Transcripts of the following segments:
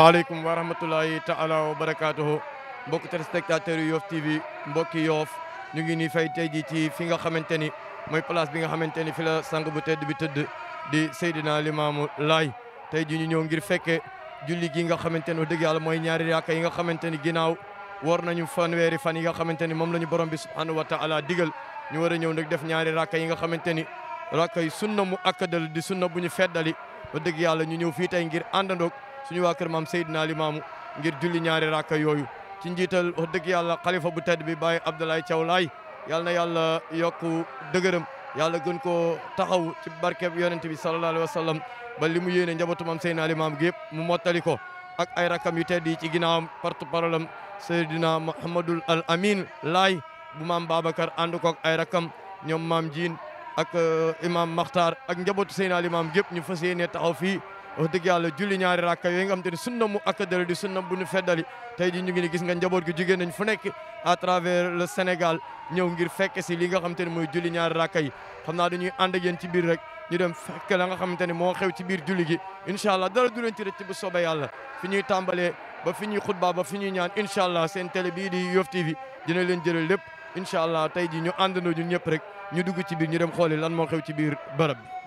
waaleykum wa rahmatulahi taala wa barakaatuhu mbokki téléspectateurs yu Yoff TV mbokki Yoff ñu ngi nii fay tey jii ci fi nga xamante ni mooy place bi nga xamante ni fi la sang bu tedd bi tëdd di Seydina Limaamu Laay tey jii ñu ñëw ngir fekke julli gi nga xamante ni dëgg yàlla mooy ñaari raaka yi nga xamante ni ginnaaw war nañu fanweeri fan yi nga xamante ni moom la ñu borom bi subhanahu wa taala digal ñu war a ñëw nag def ñaari raaka yi nga xamante ni raaka yi sunna mu akkadal di sunna bu ñu feddali dëgg yàlla ñu ñëw fii tey ngir àndandoog suñu waa kër maam Seydina Limaamu ngir julli ñaari rakka yooyu ci njiital wax dëgg yàlla xalifa bu tedd bi Baye Abdoulaye Thiaw Laye yàlla na yàlla yokk dëgërëm yàlla gën ko taxaw ci barkeb yonent bi sallallahu alayhi wa sallam ba li mu yéene njabootu maam Seydina Limaamu gi yëpp mu mottali ko ak ay rakkam yu tedd ci ginnaawam porte-parole am Seydina Mouhamadul Al Amin Laay bu maam Babacar ànd ko ak ay rakkam ñoom maam Diin ak euh, imam Makhtar ak njabootu Seydina Limaamu gépp ñu fas yéene fii wax dëgg yàlla julli ñaari rakka yooyu nga xam te ne sunna mu akkadal di sunna bu ñu feddali tey ji ñu ngi ni gis nga njaboot gi jugee nañ fu nekk à travers le Sénégal ñëw ngir fekk si li nga xam te ne mooy julli ñaari rakka yi xam naa dañuy ànd ak yéen ci biir rek ñu dem fekk la nga xamante ne moo xew ci biir julli gi incha allah dara du leen ci rëcc bu soobee fi ñuy tàmbalee ba fi ñuy xutba ba fi ñuy ñaan incha allah seen tele bii di Yoff TV dina leen jëlee lépp incha allah tey ji ñu àndandoo ñëpp rek ñu dugg ci biir ñu dem xooli lan moo xew ci biir barab bi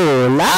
Hola.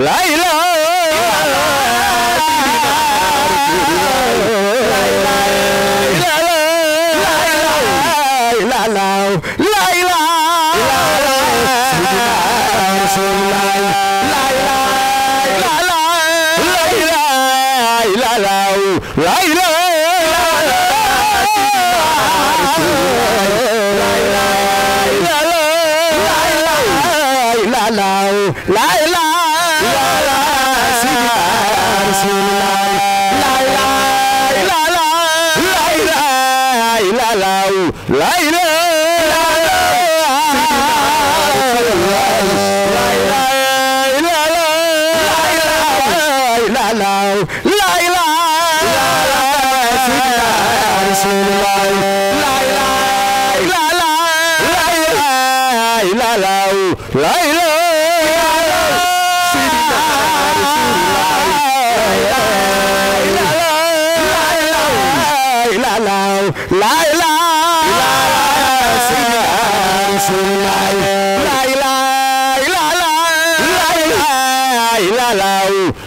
Fly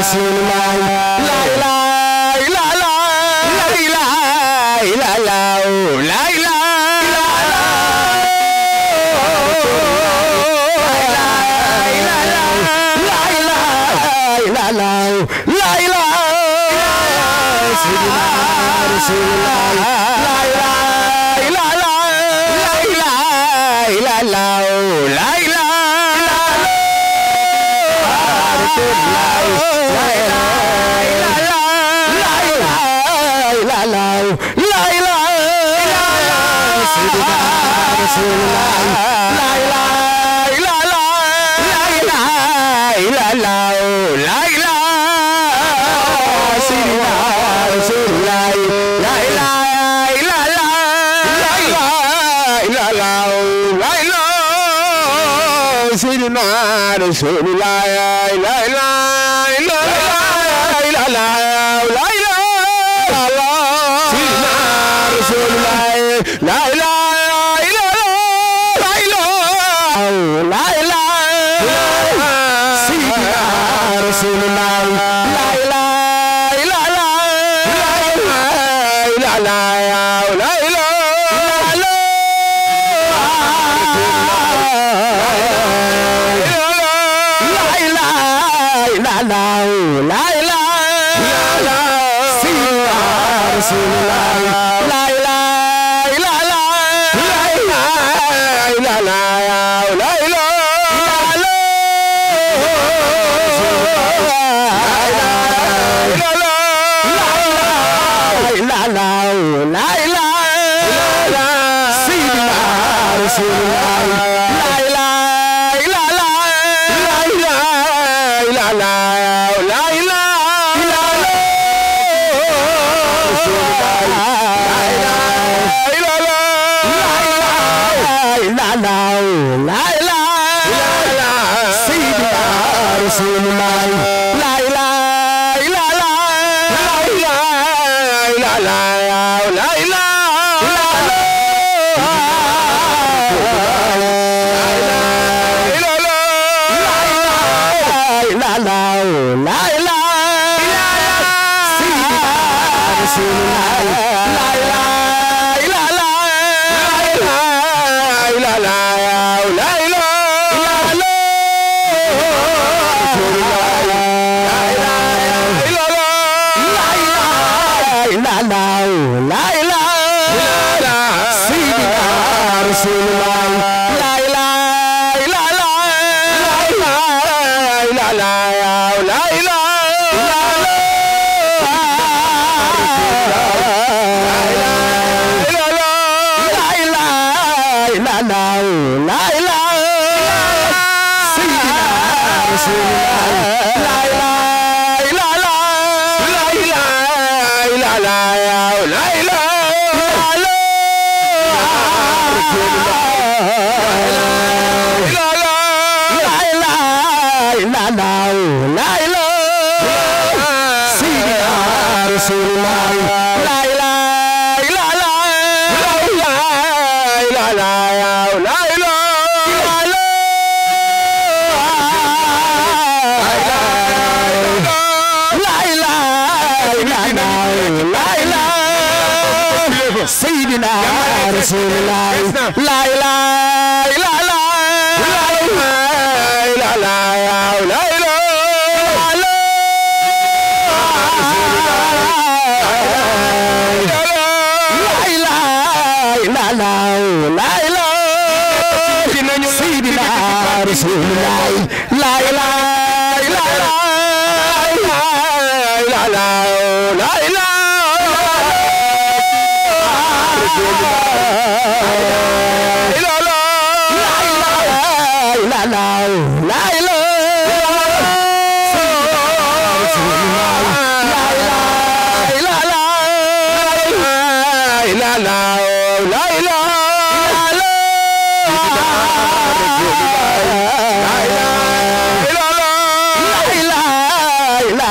la la la la رسول الله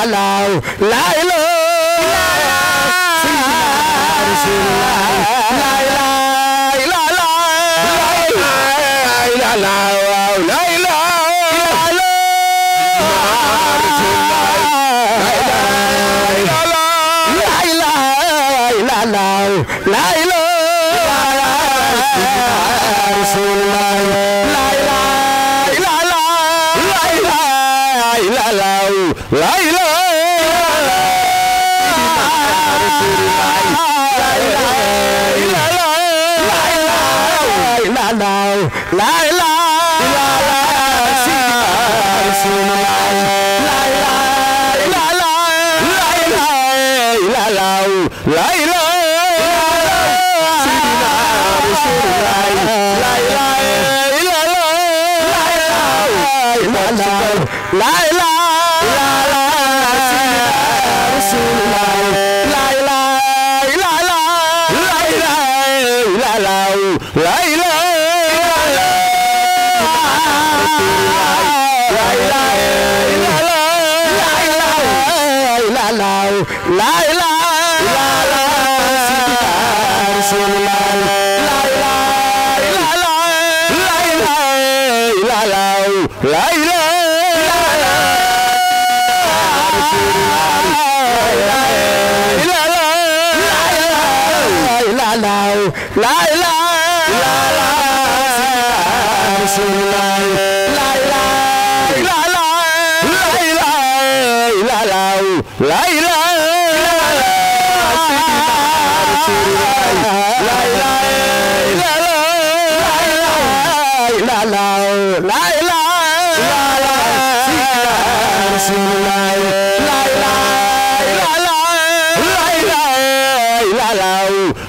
la la la Lion.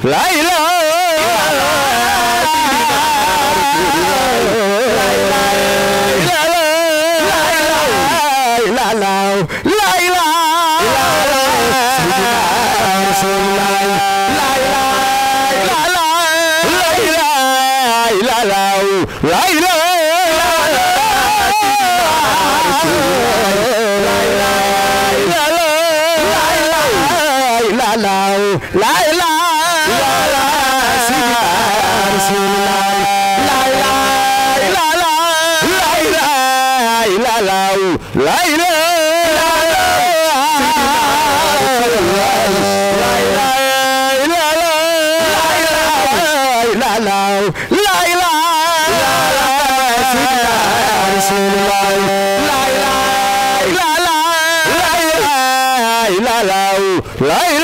Right. la la la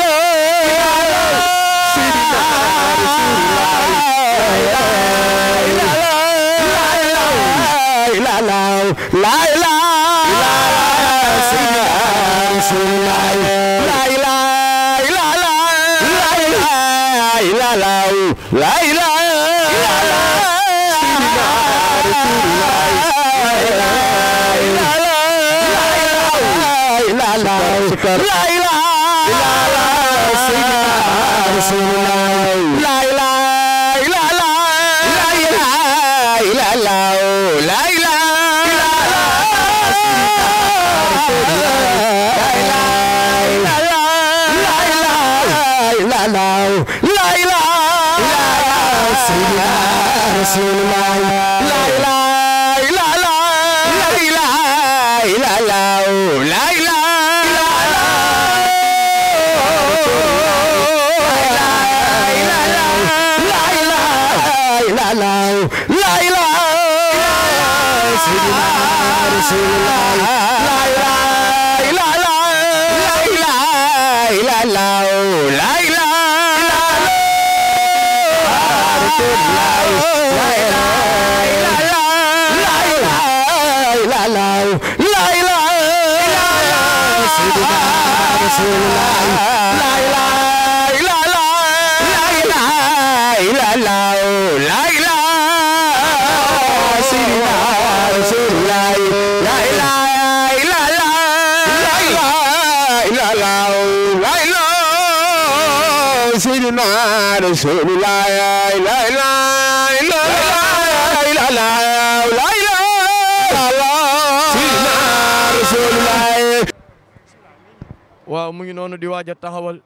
la ilaha illallah رسول الله لا اله الا الله لا اله الا الله لا اله الا الله سيدنا رسول الله waaw mu ngi noonu di waaj a taxawal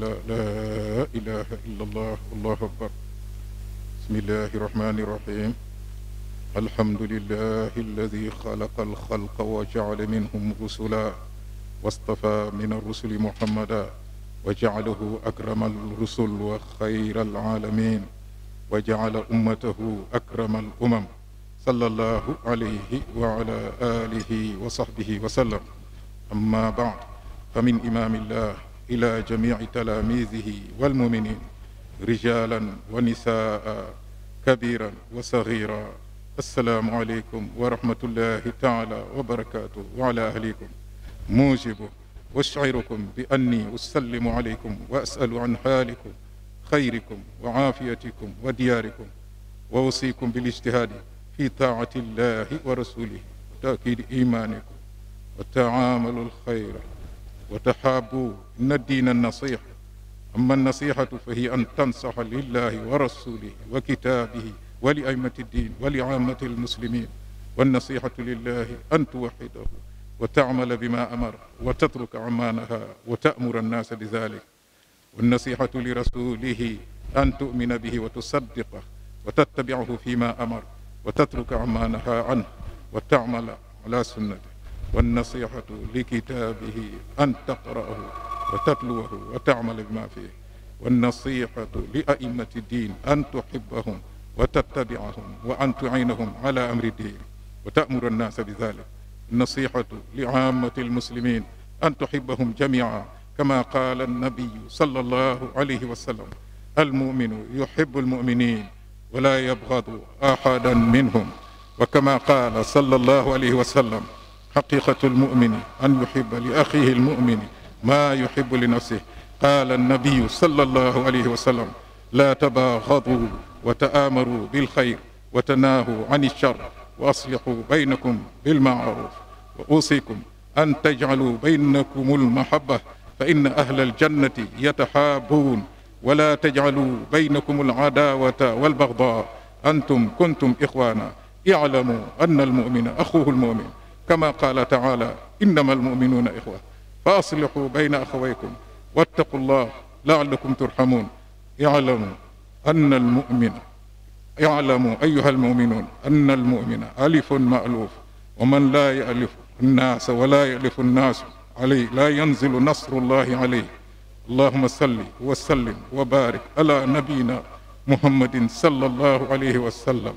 لا إله إلا الله الله أكبر بسم الله الرحمن الرحيم الحمد لله الذي خلق الخلق وجعل منهم رسلا واصطفى من الرسل محمدا وجعله أكرم الرسل وخير العالمين وجعل أمته أكرم الأمم صلى الله عليه وعلى آله وصحبه وسلم أما بعد فمن إمام الله إلى جميع تلاميذه والمؤمنين رجالا ونساء كبيرا وصغيرا السلام عليكم ورحمة الله تعالى وبركاته وعلى أهليكم موجبه واشعركم بأني أسلم عليكم وأسأل عن حالكم خيركم وعافيتكم ودياركم وأوصيكم بالاجتهاد في طاعة الله ورسوله وتأكيد إيمانكم وتعامل الخير وتحابوا إن الدين النصيحة أما النصيحة فهي أن تنصح لله ورسوله وكتابه ولأئمة الدين ولعامة المسلمين والنصيحة لله أن توحده وتعمل بما أمر وتترك عمانها وتأمر الناس بذلك والنصيحة لرسوله أن تؤمن به وتصدقه وتتبعه فيما أمر وتترك عمانها عنه وتعمل على سنته والنصيحة لكتابه أن تقرأه وتتلوه وتعمل بما فيه والنصيحة لأئمة الدين أن تحبهم وتتبعهم وأن تعينهم على أمر الدين وتأمر الناس بذلك النصيحة لعامة المسلمين أن تحبهم جميعا كما قال النبي صلى الله عليه وسلم المؤمن يحب المؤمنين ولا يبغض أحدا منهم وكما قال صلى الله عليه وسلم حقيقة المؤمن أن يحب لأخيه المؤمن ما يحب لنفسه قال النبي صلى الله عليه وسلم لا تباغضوا وتآمروا بالخير وتناهوا عن الشر وأصلحوا بينكم بالمعروف وأوصيكم أن تجعلوا بينكم المحبة فإن أهل الجنة يتحابون ولا تجعلوا بينكم العداوة والبغضاء أنتم كنتم إخوانا اعلموا أن المؤمن أخوه المؤمن كما قال تعالى إنما المؤمنون إخوة فأصلحوا بين أخويكم واتقوا الله لعلكم ترحمون اعلموا أن المؤمن اعلموا أيها المؤمنون أن المؤمن ألف مألوف ومن لا يألف الناس ولا يألف الناس عليه لا ينزل نصر الله عليه اللهم صل وسلم وبارك على نبينا محمد صلى الله عليه وسلم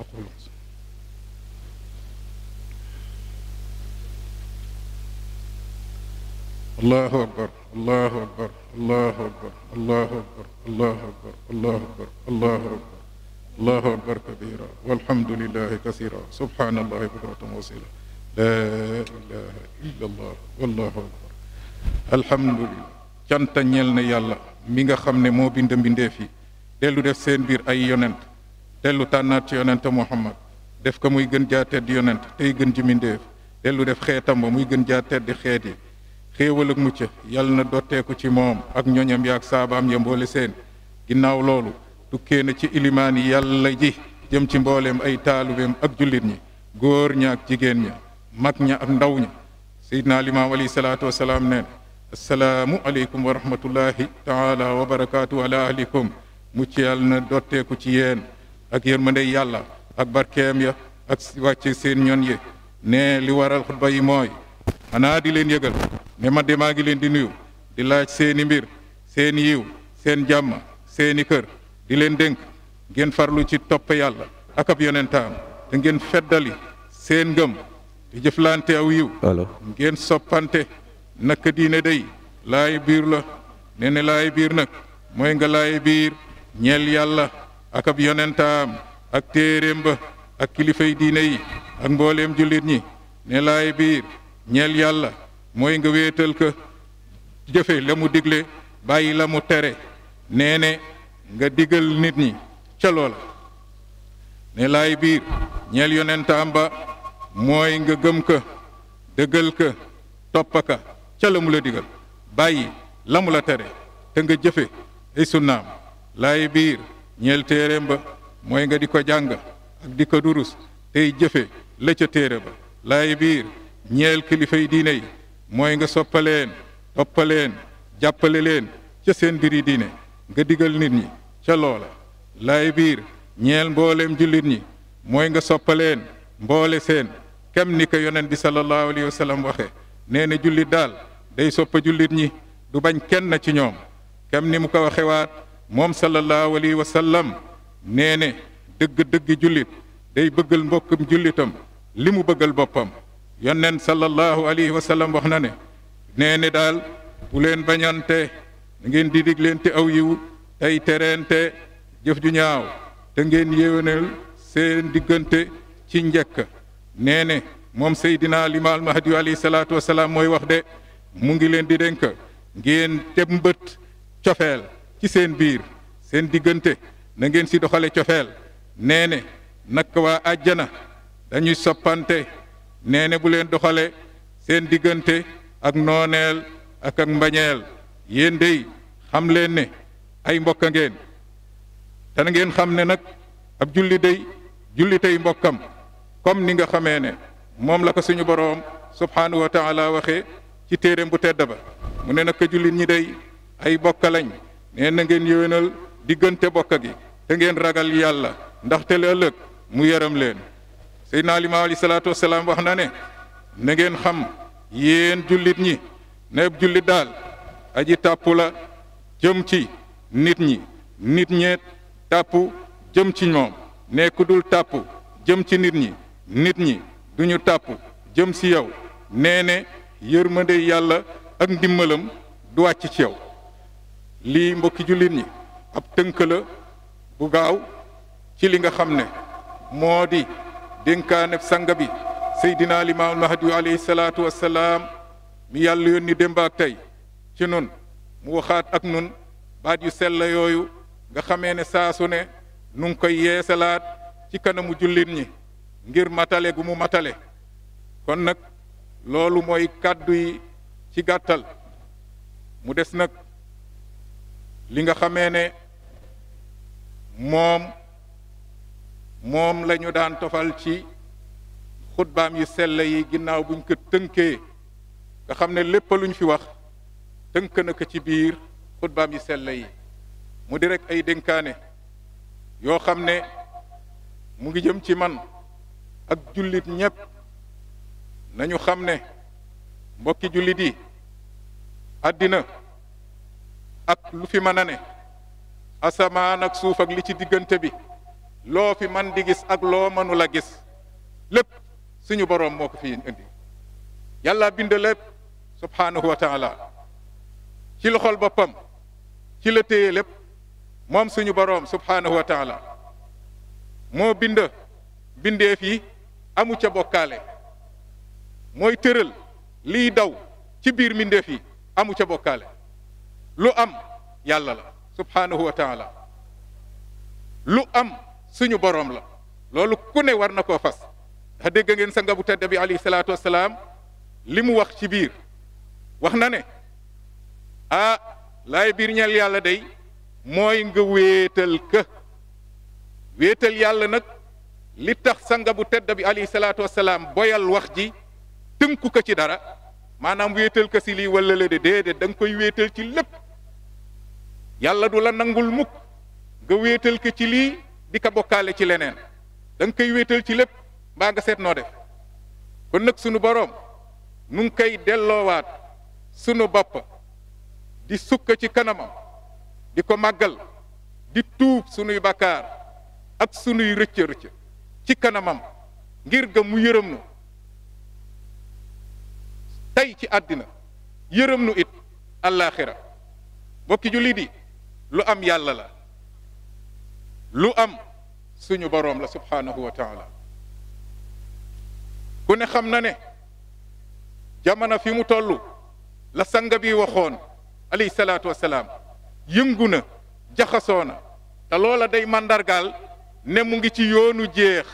أقول الله اكبر الله اكبر الله اكبر الله اكبر الله اكبر الله اكبر الله اكبر الله اكبر كبيرا والحمد لله كثيرا سبحان الله بكرة وصيلا لا اله الا الله والله اكبر الحمد لله كان تنيلنا يلا ميغا خامني مو بيند بيند في دلو ديف سين بير اي يوننت دلو تانات يوننت محمد ديف كاموي گن جا تيد يوننت تاي گن جيمين ديف دلو ديف خيتام موي گن جا تيد خيتي xéewal ak mucc yàlla na dotteeku ci moom ak ñoñam ak saabaam ya mboole seen ginnaaw loolu tukkee na ci ilimaan yi yàlla ji jëm ci mbooleem ay taalubeem ak jullit ñi góor ña ak jigéen ña mag ña ak ndaw ña seydina limaam alayhi salaatu wasalaam neen assalaamu aleykum wa rahmatullahi taala wa barakaatu ala ahlikum mucc yàlla na dotteeku ci yéen ak yërmandey yàlla ak barkeem ya ak wàcce seen ñoon yi ne li waral xutba yi mooy xanaa di leen yëgal ne ma de maa ngi leen di nuyu di laaj seeni mbir seen yiw seen jàmm seeni kër di leen dénk ngeen farlu ci topp yàlla ak ab yonentaam te ngeen feddali seen ngëm di jëflante aw yiw ngeen soppante naka diine day laay biir la ne ne laay biir nag mooy nga laay biir ñeel yàlla ak ab yonentaam ak téeréem ba ak kilifay diine yi ak mbooleem jullit ñi ne laay biir ñeel yàlla mooy nga wéetal ko jëfe la mu digle bàyyi la mu tere nee ne nga digal nit ñi ca loola ne laay biir ñeel yonentaam ba mooy nga gëm ka dëggal ka topp ka ca la mu la digal bàyyi la mu la tere te nga jëfe ay sunnaam laay biir ñeel téeréem ba mooy nga di ko jàng ak di ko durus tey jëfe la ca téere ba laay biir ñeel kilifa yi diine yi mooy nga soppaleen toppaleen jàppale leen ca seen biri diine nga digal nit ñi ca loola laay biir ñeel mbooleem jullit ñi mooy nga soppaleen mboole seen kem ni ko yonent bi sallallahu alayhi wa waxe nee na jullit daal day soppa jullit ñi du bañ kenn ci ñoom kem ni mu ko waxe waat moom sallallahu alayhi wa sallam nee ne dëgg-dëgg jullit day bëggal mbokkum jullitam li mu bëggal boppam yonneen sallallahu alayhi wa wax na ne nee ni daal bu leen bañante ngeen di digleente aw yiw tey tereente jëf ju ñaaw te ngeen yéwénal seen diggante ci njëkk nee ne moom seydinaa Limaal Mahdi alayhi salaatu wa salaam mooy wax de mu ngi leen di dénk ngeen tëmbët cofeel ci seen biir seen diggante na ngeen si doxale cofeel nee ne nag waa àjjana dañuy soppante nee bu leen doxale seen diggante ak nooneel ak ak mbañeel yéen dey xam leen ne ay mbokk ngeen dana ngeen xam ne nag ab julli dey julli mbokkam comme ni nga xamee ne moom la ko suñu boroom subhaanahu wa taala waxee ci téeréem bu tedd ba mu ne nag jullit ñi dey ay bokk lañ nee na ngeen yéwénal diggante bokk gi te ngeen ragal yàlla ndaxte ëllëg mu yaram leen Seydina Limaamu alayhi wax na ne na ngeen xam yéen jullit ñi neeb jullit daal aji tàpp la jëm ci nit ñi nit ñeet tàpp jëm ci moom ku dul tàpp jëm ci nit ñi nit ñi ñu tàpp jëm ci yow nee ne yàlla ak ndimbalam du wàcc ci yow lii mbokki jullit ñi ab tënk la bu gaaw ci li nga xam ne moo di dénkaane sanga bi seydina limaamul mahdi alayhi salaatu wassalaam mi yàlla yónni démb ak tey ci nun mu waxaat ak nun baat yu sell yooyu nga xamee ne saasu ne nu ngi koy yeesalaat ci kanamu jullit ñi ngir matale gu mu matale kon nag loolu mooy kàddu ci gàttal mu des nag li nga xamee ne moom moom lañu daan tofal ci xutbaam yi sell yi ginnaaw buñ ko tënkee nga xam ne lépp luñ fi wax tënk na ko ci biir xutbaam yu sell yi mu di rek ay dénkaane yoo xam ne mu ngi jëm ci man ak jullit ñépp nañu xam ne mbokki jullit yi àddina ak lu fi mën a ne asamaan ak suuf ak li ci diggante bi loo fi man di gis ak loo mënul a gis lépp suñu boroom moo ko fi indi yàlla bind lépp subhaanahu wa taala ci loxol boppam ci la lépp moom suñu boroom subhaanahu wa taala moo bind bindeef yi amu ca bokkaale mooy tëral li daw ci biir mbindeef yi amu ca bokkaale lu am yàlla la subhaanahu wa taala lu am suñu boroom la loolu ku ne war na koo fas ndax dégg ngeen sanga bu tedd bi alayhi salaatu wasalaam li mu wax ci biir wax na ne ah laay bir ñeel yàlla day mooy nga wéetal ka wéetal yàlla nag li tax sanga bu tedd bi alayhi salaatu wasalaam boyal wax ji tënku ko ci dara maanaam wéetal ka si lii wala la de déedéet da koy wéetal ci lépp yàlla du la nangul mukk nga wéetal ka ci lii di ka bokkaale ci leneen da nga koy wéetal ci lépp mbaa nga seet noo def kon nag sunu boroom nu ngi koy delloowaat sunu bopp di sukk ci kanamam di ko màggal di tuub sunuy bakkaar ak sunuy rëcca ci kanamam ngir ga mu yërëm tey ci àddina yërëm nu it àllaaxira bokki jullit yi lu am yàlla la lu am suñu boroom la subhaanahu wa taala ku ne xam na ne jamono fi mu toll la sanga bi waxoon alayhi salaatu wasalaam yëngu na jaxasoo na te loola day màndargaal ne mu ngi ci yoonu jéex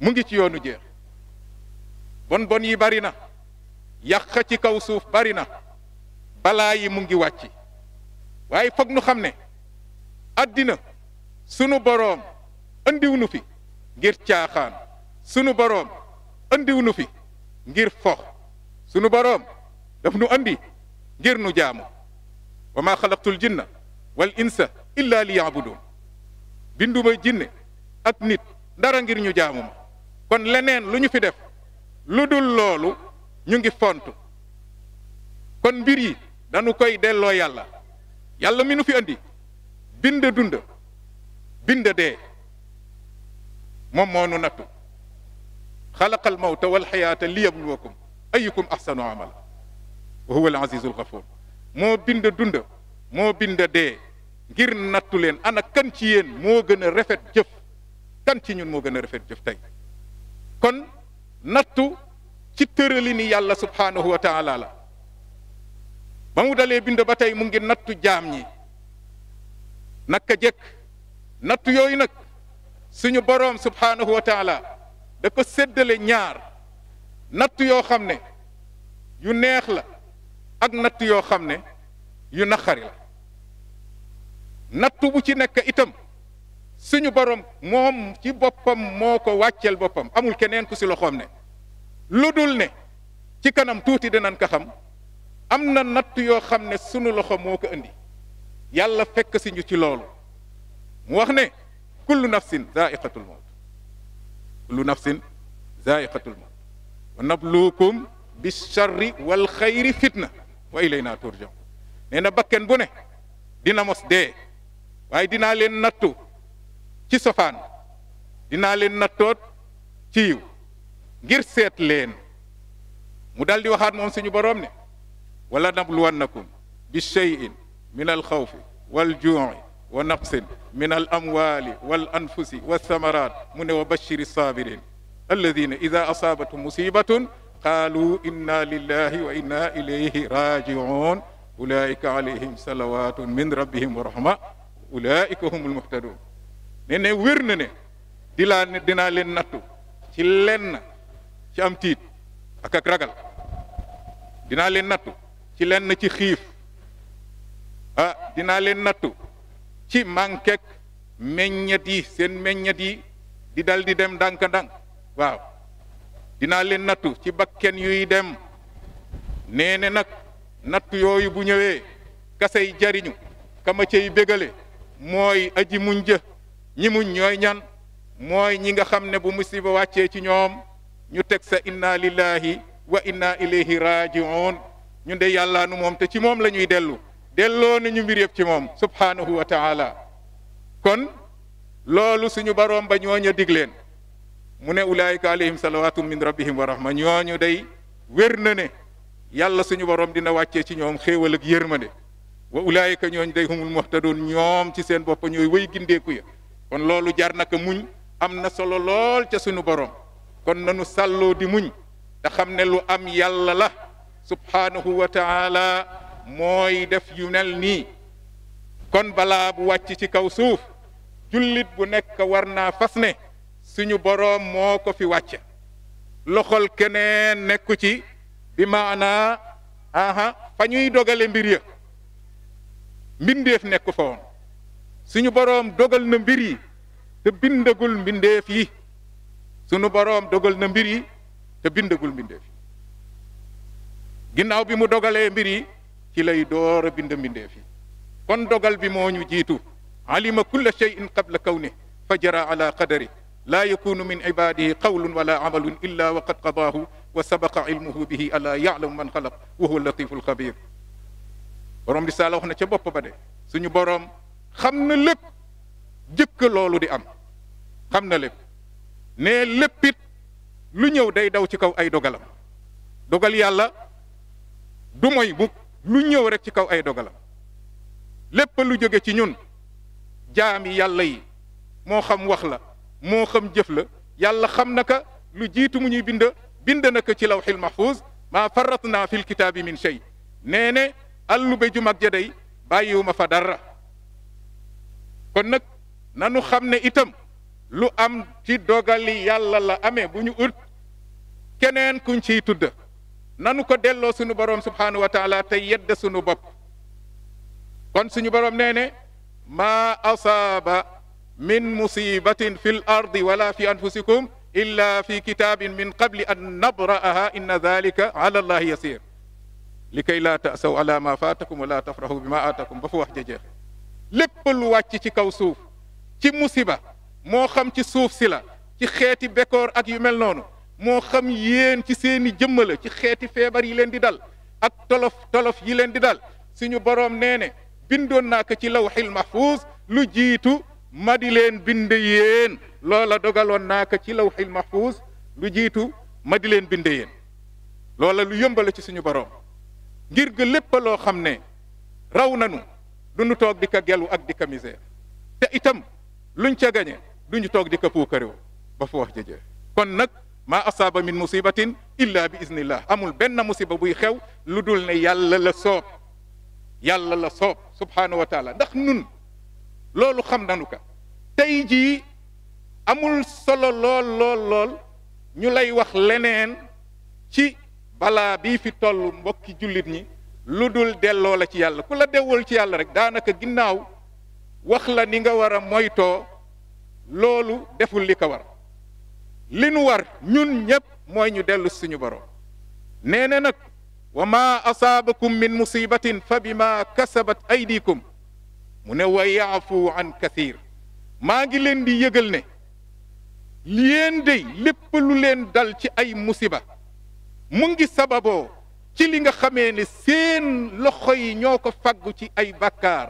mu ngi ci yoonu jeex bon yi bari na yàq ci kaw suuf bari na balaa yi mu ngi wàcc waaye foog nu xam ne àddina sunu boroom andiw nu fi ngir caaxaan sunu boroom andiw nu fi ngir fox sunu boroom def nu andi ngir nu jaamu wa maa xalaqtul jinna wal insa illa li yaabudun binduma jinne ak nit dara ngir ñu jaamu kon leneen lu ñu fi def lu dul loolu ñu ngi font kon mbir yi dañu koy delloo yàlla yàlla mi nu fi andi bind dund bind dee moom moo nu nattu xalaqal mawta wal xayaata liyabluwakum ayukum ahsanu amala wa huwa al azizul ghafur moo bind dund moo bind dee ngir nattu leen ana kan ci yéen moo gën a rafet jëf kan ci ñun moo gën a rafet jëf tey kon nattu ci tërali ni yàlla subhaanahu wa taala la ba mu dalee bind ba tey mu ngi nattu jaam ñi naka jekk natt yooyu nag suñu boroom subhaanahu wa taala da ko séddale ñaar natt yoo xam ne yu neex la ak natt yoo xam ne yu naqari la natt bu ci nekk itam suñu boroom moom ci boppam moo ko wàcceel boppam amul keneen ku si loxoom ne lu dul ne ci kanam tuuti dinañ ko xam am na natt yoo xam ne sunu loxo moo ko indi yàlla fekk si ñu ci loolu موخنة كل نفس ذائقة الموت كل نفس ذائقة الموت ونبلوكم بالشر والخير فتنة وإلينا ترجعون نينا بكن بني دينا مس دي واي دينا لين نتو تي سفان دينا لين نتو تيو غير سيت لين مودال دي وخات موم سيني بروم ولا نبلوانكم بشيء من الخوف والجوع ونقص من الأموال والأنفس والثمرات من وبشر الصابرين الذين إذا أصابتهم مصيبة قالوا إنا لله وإنا إليه راجعون أولئك عليهم صلوات من ربهم ورحمة أولئك هم المهتدون نين ويرنين دلا ندنا لين ناتو سي لين سي ام تيت اكاك راغال دينا لين ناتو سي لين سي خيف اه دينا لين ناتو ci mànkek meññet yi seen meññet yi di dal dem ndànk-ndànk waaw dinaa leen nattu ci bakken yuy dem nee ne nag nattu yooyu bu ñëwee kasey jariñu kama cey bégale mooy aji muñ jë ñi muñ ñooy ñan mooy ñi nga xam ne bu musiba wàccee ci ñoom ñu teg sa inna lillahi wa inna ilayhi rajiun ñu de yàllaanu nu moom te ci moom la ñuy dellu delloo ñu mbir yëpp ci moom subhaanahu wa taala kon loolu suñu baroom ba ñooña dig leen mu ne ulaayika alayhim salawatum min rabbihim wa rahma ñooñu day wér na ne yàlla suñu borom dina wàccee ci ñoom xéewal ak yërmande wa ulaayika ñooñu day humul muhtadun ñoom ci seen bopp ñooy wéy gindeeku ya kon loolu jar naka muñ am na solo lool ca suñu borom kon nanu sàlloo di muñ te xam ne lu am yàlla la subhaanahu wa taala mooy def yu mel nii kon balaa bu wàcc ci kaw suuf jullit bu nekk war naa fas ne suñu boroom moo ko fi wàcce loxol keneen nekku ci bi maanaa aha fa ñuy dogale mbir ya mbindeef nekku fa woon suñu boroom dogal na mbir yi te bindagul mbindeef yi suñu boroom dogal na mbir yi te bindagul mbindeef yi ginnaaw bi mu dogalee mbir yi ci lay door a bind mbindeef yi kon dogal bi moo ñu jiitu alima kulla cheyin qabla kawni fa ala qadari laa yakunu min ibadihi qawlun wala amalun illa wa qad qadaahu wa sabaqa ilmuhu bihi ala yaalamu man xalaq wa huwa latifu lxabir borom risaala wax na ca ba de suñu borom xam lépp jëkk loolu di am xam na lépp ne léppit lu ñëw day daw ci kaw ay dogalam dogal yàlla du moy mukk lu ñëw rek ci kaw ay dogalam lépp lu jóge ci ñun jaami yàlla yi mo xam wax la mo xam jëf la yàlla xam naka lu jitu mu ñuy bind bind naka ci lawhil mahfuz ma faratna fil kitab min shay neene allu be ju mag je day bayiwuma fa dara kon nak nanu xamne itam lu am ci dogali yàlla la amé buñu ñu ut keneen kuñ ci tudd nanu ko delloo sunu borom subhanahu wa taala tay yedd sunu bop kon suñu borom neene ma asaba min musibatin fil ardi wala fi anfusikum illa fi kitabin min qabli an nabra'aha in dhalika ala allah yasir likay la tasaw ala ma fatakum wala tafrahu bima atakum bafu wax jeje lépp lu wàcc ci kaw suuf ci musiba mo xam ci suuf si la ci xeeti bekor ak yu mel noonu moo xam yéen ci seeni jëmma la ci xeeti feebar yi leen di dal ak tolof tolof yi leen di dal suñu boroom nee ne bindoon naa ko ci lawxil mahfuus lu jiitu ma di leen bind yéen loola dogaloon naa ko ci lawxil mahfuus lu jiitu ma di leen bind yéen loola lu yëmbala ci suñu boroom ngir ga lépp loo xam ne raw nanu du ñu toog di ko gelu ak di ko misère te itam luñ ca gañe duñu toog di ko puukariw ba fu wax jëjee kon nag maa asaaba min musibatin illa bi iznillah amul benn musiba buy xew lu dul ne yàlla la soob yàlla la soob subhaanahu wa taala ndax nun loolu xam nanu ka tey jii amul solo lool lool lool ñu lay wax leneen ci balaa bii fi toll mbokki jullit ñi lu dul delloo la ci yàlla ku la dewul ci yàlla rek daanaka ginnaaw wax la ni nga war a moytoo loolu deful li ko war li nu war ñun ñépp mooy ñu dellu suñu borom nee na nag wa maa asaabakum min musibatin fa bima kasabat aydikum mu ne wa yaafu an kathir maa ngi leen di yëgal ne liyeen dey lépp lu leen dal ci ay musiba mu ngi sababoo ci li nga xamee ne seen loxo yi ñoo ko faggu ci ay bàkkaar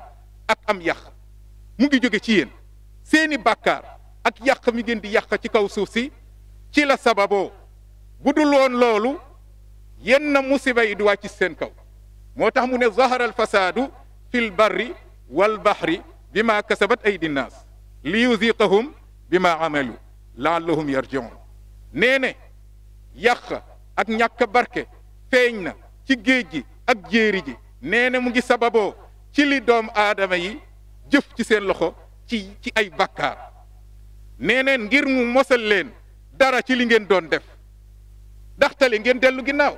ak am yàq mu ngi jóge ci yéen seeni bàkkaar ak yàq mi ngeen di yàq ci kaw suuf si ci la sababoo bu dul woon loolu yenn musiba yi du wàcc seen kaw moo tax mu ne zahara alfasaadu fi lbarri walbahri bi ma kasabat aydi nnaas li yuziqahum bi ma amalu laallahum yarjiun nee ne yàq ak ñàkk barke feeñ na ci géej gi ak jéeri gi nee ne mu ngi sababoo ci li doom aadama yi jëf ci seen loxo ci ci ay bàkkaar nee ngir mu mosal leen dara ci li ngeen doon def daxtale ngeen dellu ginnaaw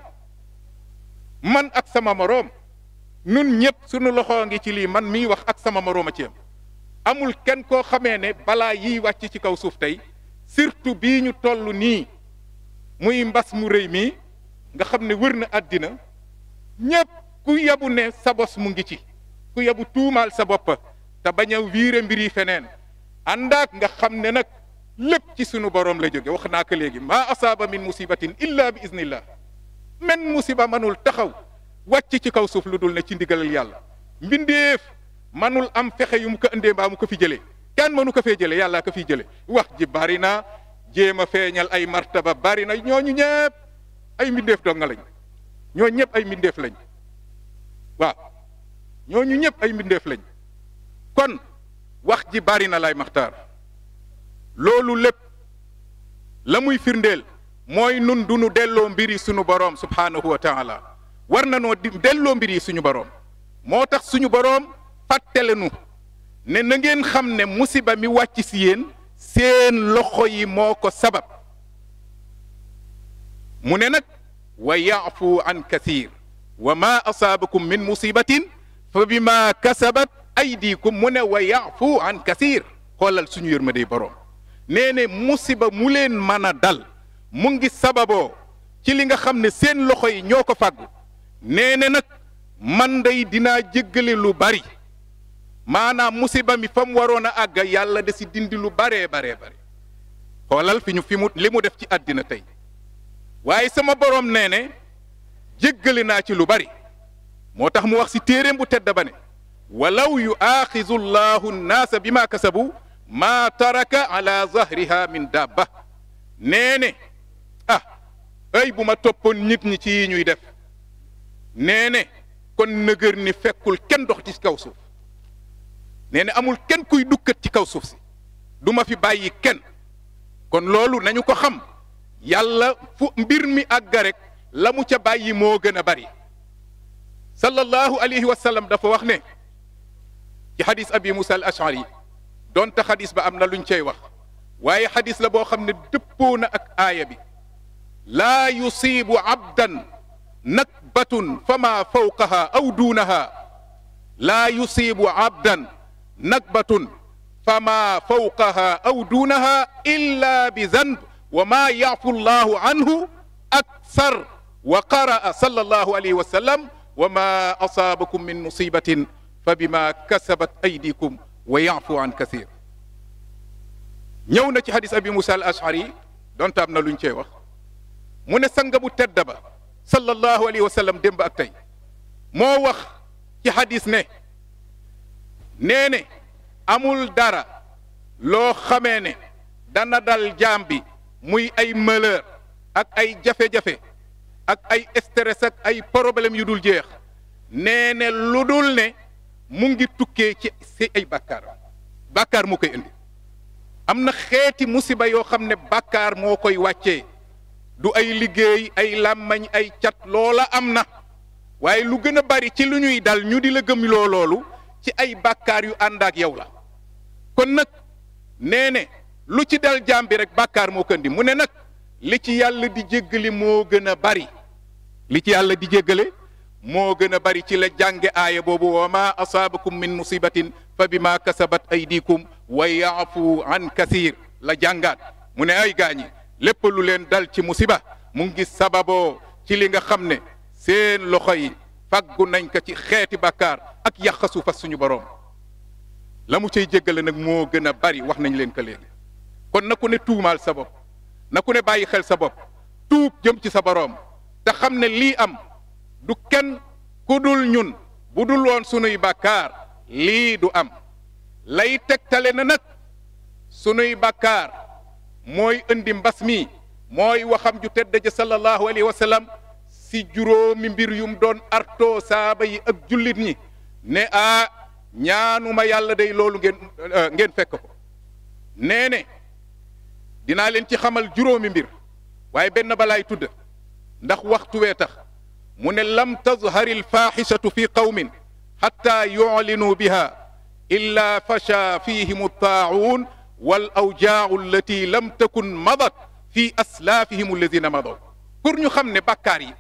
man ak sama moroom nun ñëpp sunu loxo ngi ci lii man miy wax ak sama moroom a ci amul kenn koo xamee ne balaa yi wàcc ci kaw suuf tey surtout bii ñu toll nii muy mbas mu réy mii nga xam ne wër na àddina ñëpp ku yabu ne sa bos mu ngi ci ku yabu tuumaal sa boppa te bañ a wiire mbir yi feneen àndaak nga xam ne nag لب تسونو بروم لجوجي وخنا كليجي ما أصاب من مصيبة إلا بإذن الله من مصيبة منول تخو واتي تكاو سفلو دول نتين دي غلال يالا من ديف منول أم فخي يمك أندي ما مك في جلي كان منو كفي جلي يالا كفي جلي وخ جي بارينا جي ما فينيال أي مرتبة بارينا نيو نيو نيب أي من ديف دون غلين نيو نيب أي من ديف لين وا نيو نيو نيب أي من ديف لين كون وخ جي بارينا لاي مختار loolu lépp lamuy firndel moy nun dunu nu mbiri suñu borom subhanahu wa taala warna no noo mbiri suñu borom motax suñu borom fàttelenu ne na ngeen xamne musiba mi wàcc ci yéen seen loxo yi moko sabab mune nak wayafu an kathir wama asabakum min musibatin fa bima kasabat aydikum mune wayafu an kathir xolal suñu yermade borom nee ne musiba mu leen mën a dal mu ngi sababoo ci li nga xam ne seen loxo yi ñoo ko fàggu nee ne nag man day dinaa jéggale lu bari maanaam musiba mi fa mu waroon a àgg yàlla da si dindi lu baree baree bare xoolal fi ñu fi mu li mu def ci àddina tey waaye sama boroom nee ne jéggale naa ci lu bari moo tax mu wax si téeréem bu tedd ba ne walaw yu aaxizu llahu naasa bi maa kasabu ما ترك على ظهرها من دابة نيني اه اي بو ما توبون نيت ني تي ني ديف نيني كون نغير ني فيكول كين دوخ تي كاو سوف نيني امول كين كوي دوك تي كاو سوف سي دوما في باي كين كون لولو نانيو كو خام يالا مبير مي اغا ريك لامو تي باي مو غنا باري صلى الله عليه وسلم دا فا في حديث ابي موسى الاشعري donte xadis ba am na luñ cey wax waaye xadis la boo xam ne dëppoo na ak aaya bi laa yusiibu abdan nakbatun fama fawqaha aw duunaha laa yusiibu abdan nakbatun fama fawqaha aw duunaha illa bi zanb wa ma yafu llahu anhu akthar wa qaraa sala allahu alayhi wa sallam wa ma asaabakum min musibatin fa bima kasabat aydikum ويعفو عن كثير نيونا تي حديث ابي موسى الاشعري دون تابنا لو نتي واخ مون سانغابو تدبا صلى الله عليه وسلم ديمبا اك تاي مو واخ تي حديث ني نيني امول دارا لو خامي ني دا نا دال جامبي موي اي مالور اك اي جافي جافي اك اي استرس اك اي بروبليم يودول جيخ نيني لودول ني mu ngi tukkee ci si ay bàkkaar bàkkaar moo koy indi am na xeeti musiba yoo xam ne bàkkaar moo koy wàccee du ay liggéey ay làmmañ ay cat loola am na waaye lu gën a bari ci lu ñuy dal ñu di la gëm loolu ci ay bàkkaar yu àndak yow la kon nag nee ne lu ci dal jaam bi rek bàkkaar moo ko indi mu ne nag li ci yàlla di jéggale moo gën a bari li ci yàlla di jéggale moo gën a bari ci la jànge aaya boobu wa ma asaabakum min musibatin fa kasabat aydikum wa yaafu an kasir la jàngaat mu ne ay gaañi lépp lu leen dal ci musiba mu ngi sababoo ci li nga xam ne seen loxo yi faggu nañ ko ci xeeti bàkkaar ak yàqasu fa suñu boroom la mu cay jéggale nag moo gën a bari wax nañ leen ko léegi kon na ku ne tuumaal sa bopp na ku ne bàyyi xel sa bopp tuub jëm ci sa boroom te xam ne lii am du kenn ku dul ñun bu dul woon sunuy bàkkaar lii du am lay tegtale na nag sunuy bàkkaar mooy indi mbas mi mooy waxam ju tedd ja sallallahu alayhi wa si juróomi mbir yum doon arto saaba yi ak jullit ñi ne a ñaanuma yàlla day loolu ngeen euh, ngeen fekk ko nee ne dinaa leen ci xamal juróomi mbir waaye benn balaay tudd ndax waxtu wee tax من لم تظهر الفاحشة في قوم حتى يعلنوا بها إلا فشى فيهم الطاعون والأوجاع التي لم تكن مضت في أسلافهم الذين مضوا كرن خمن بكاري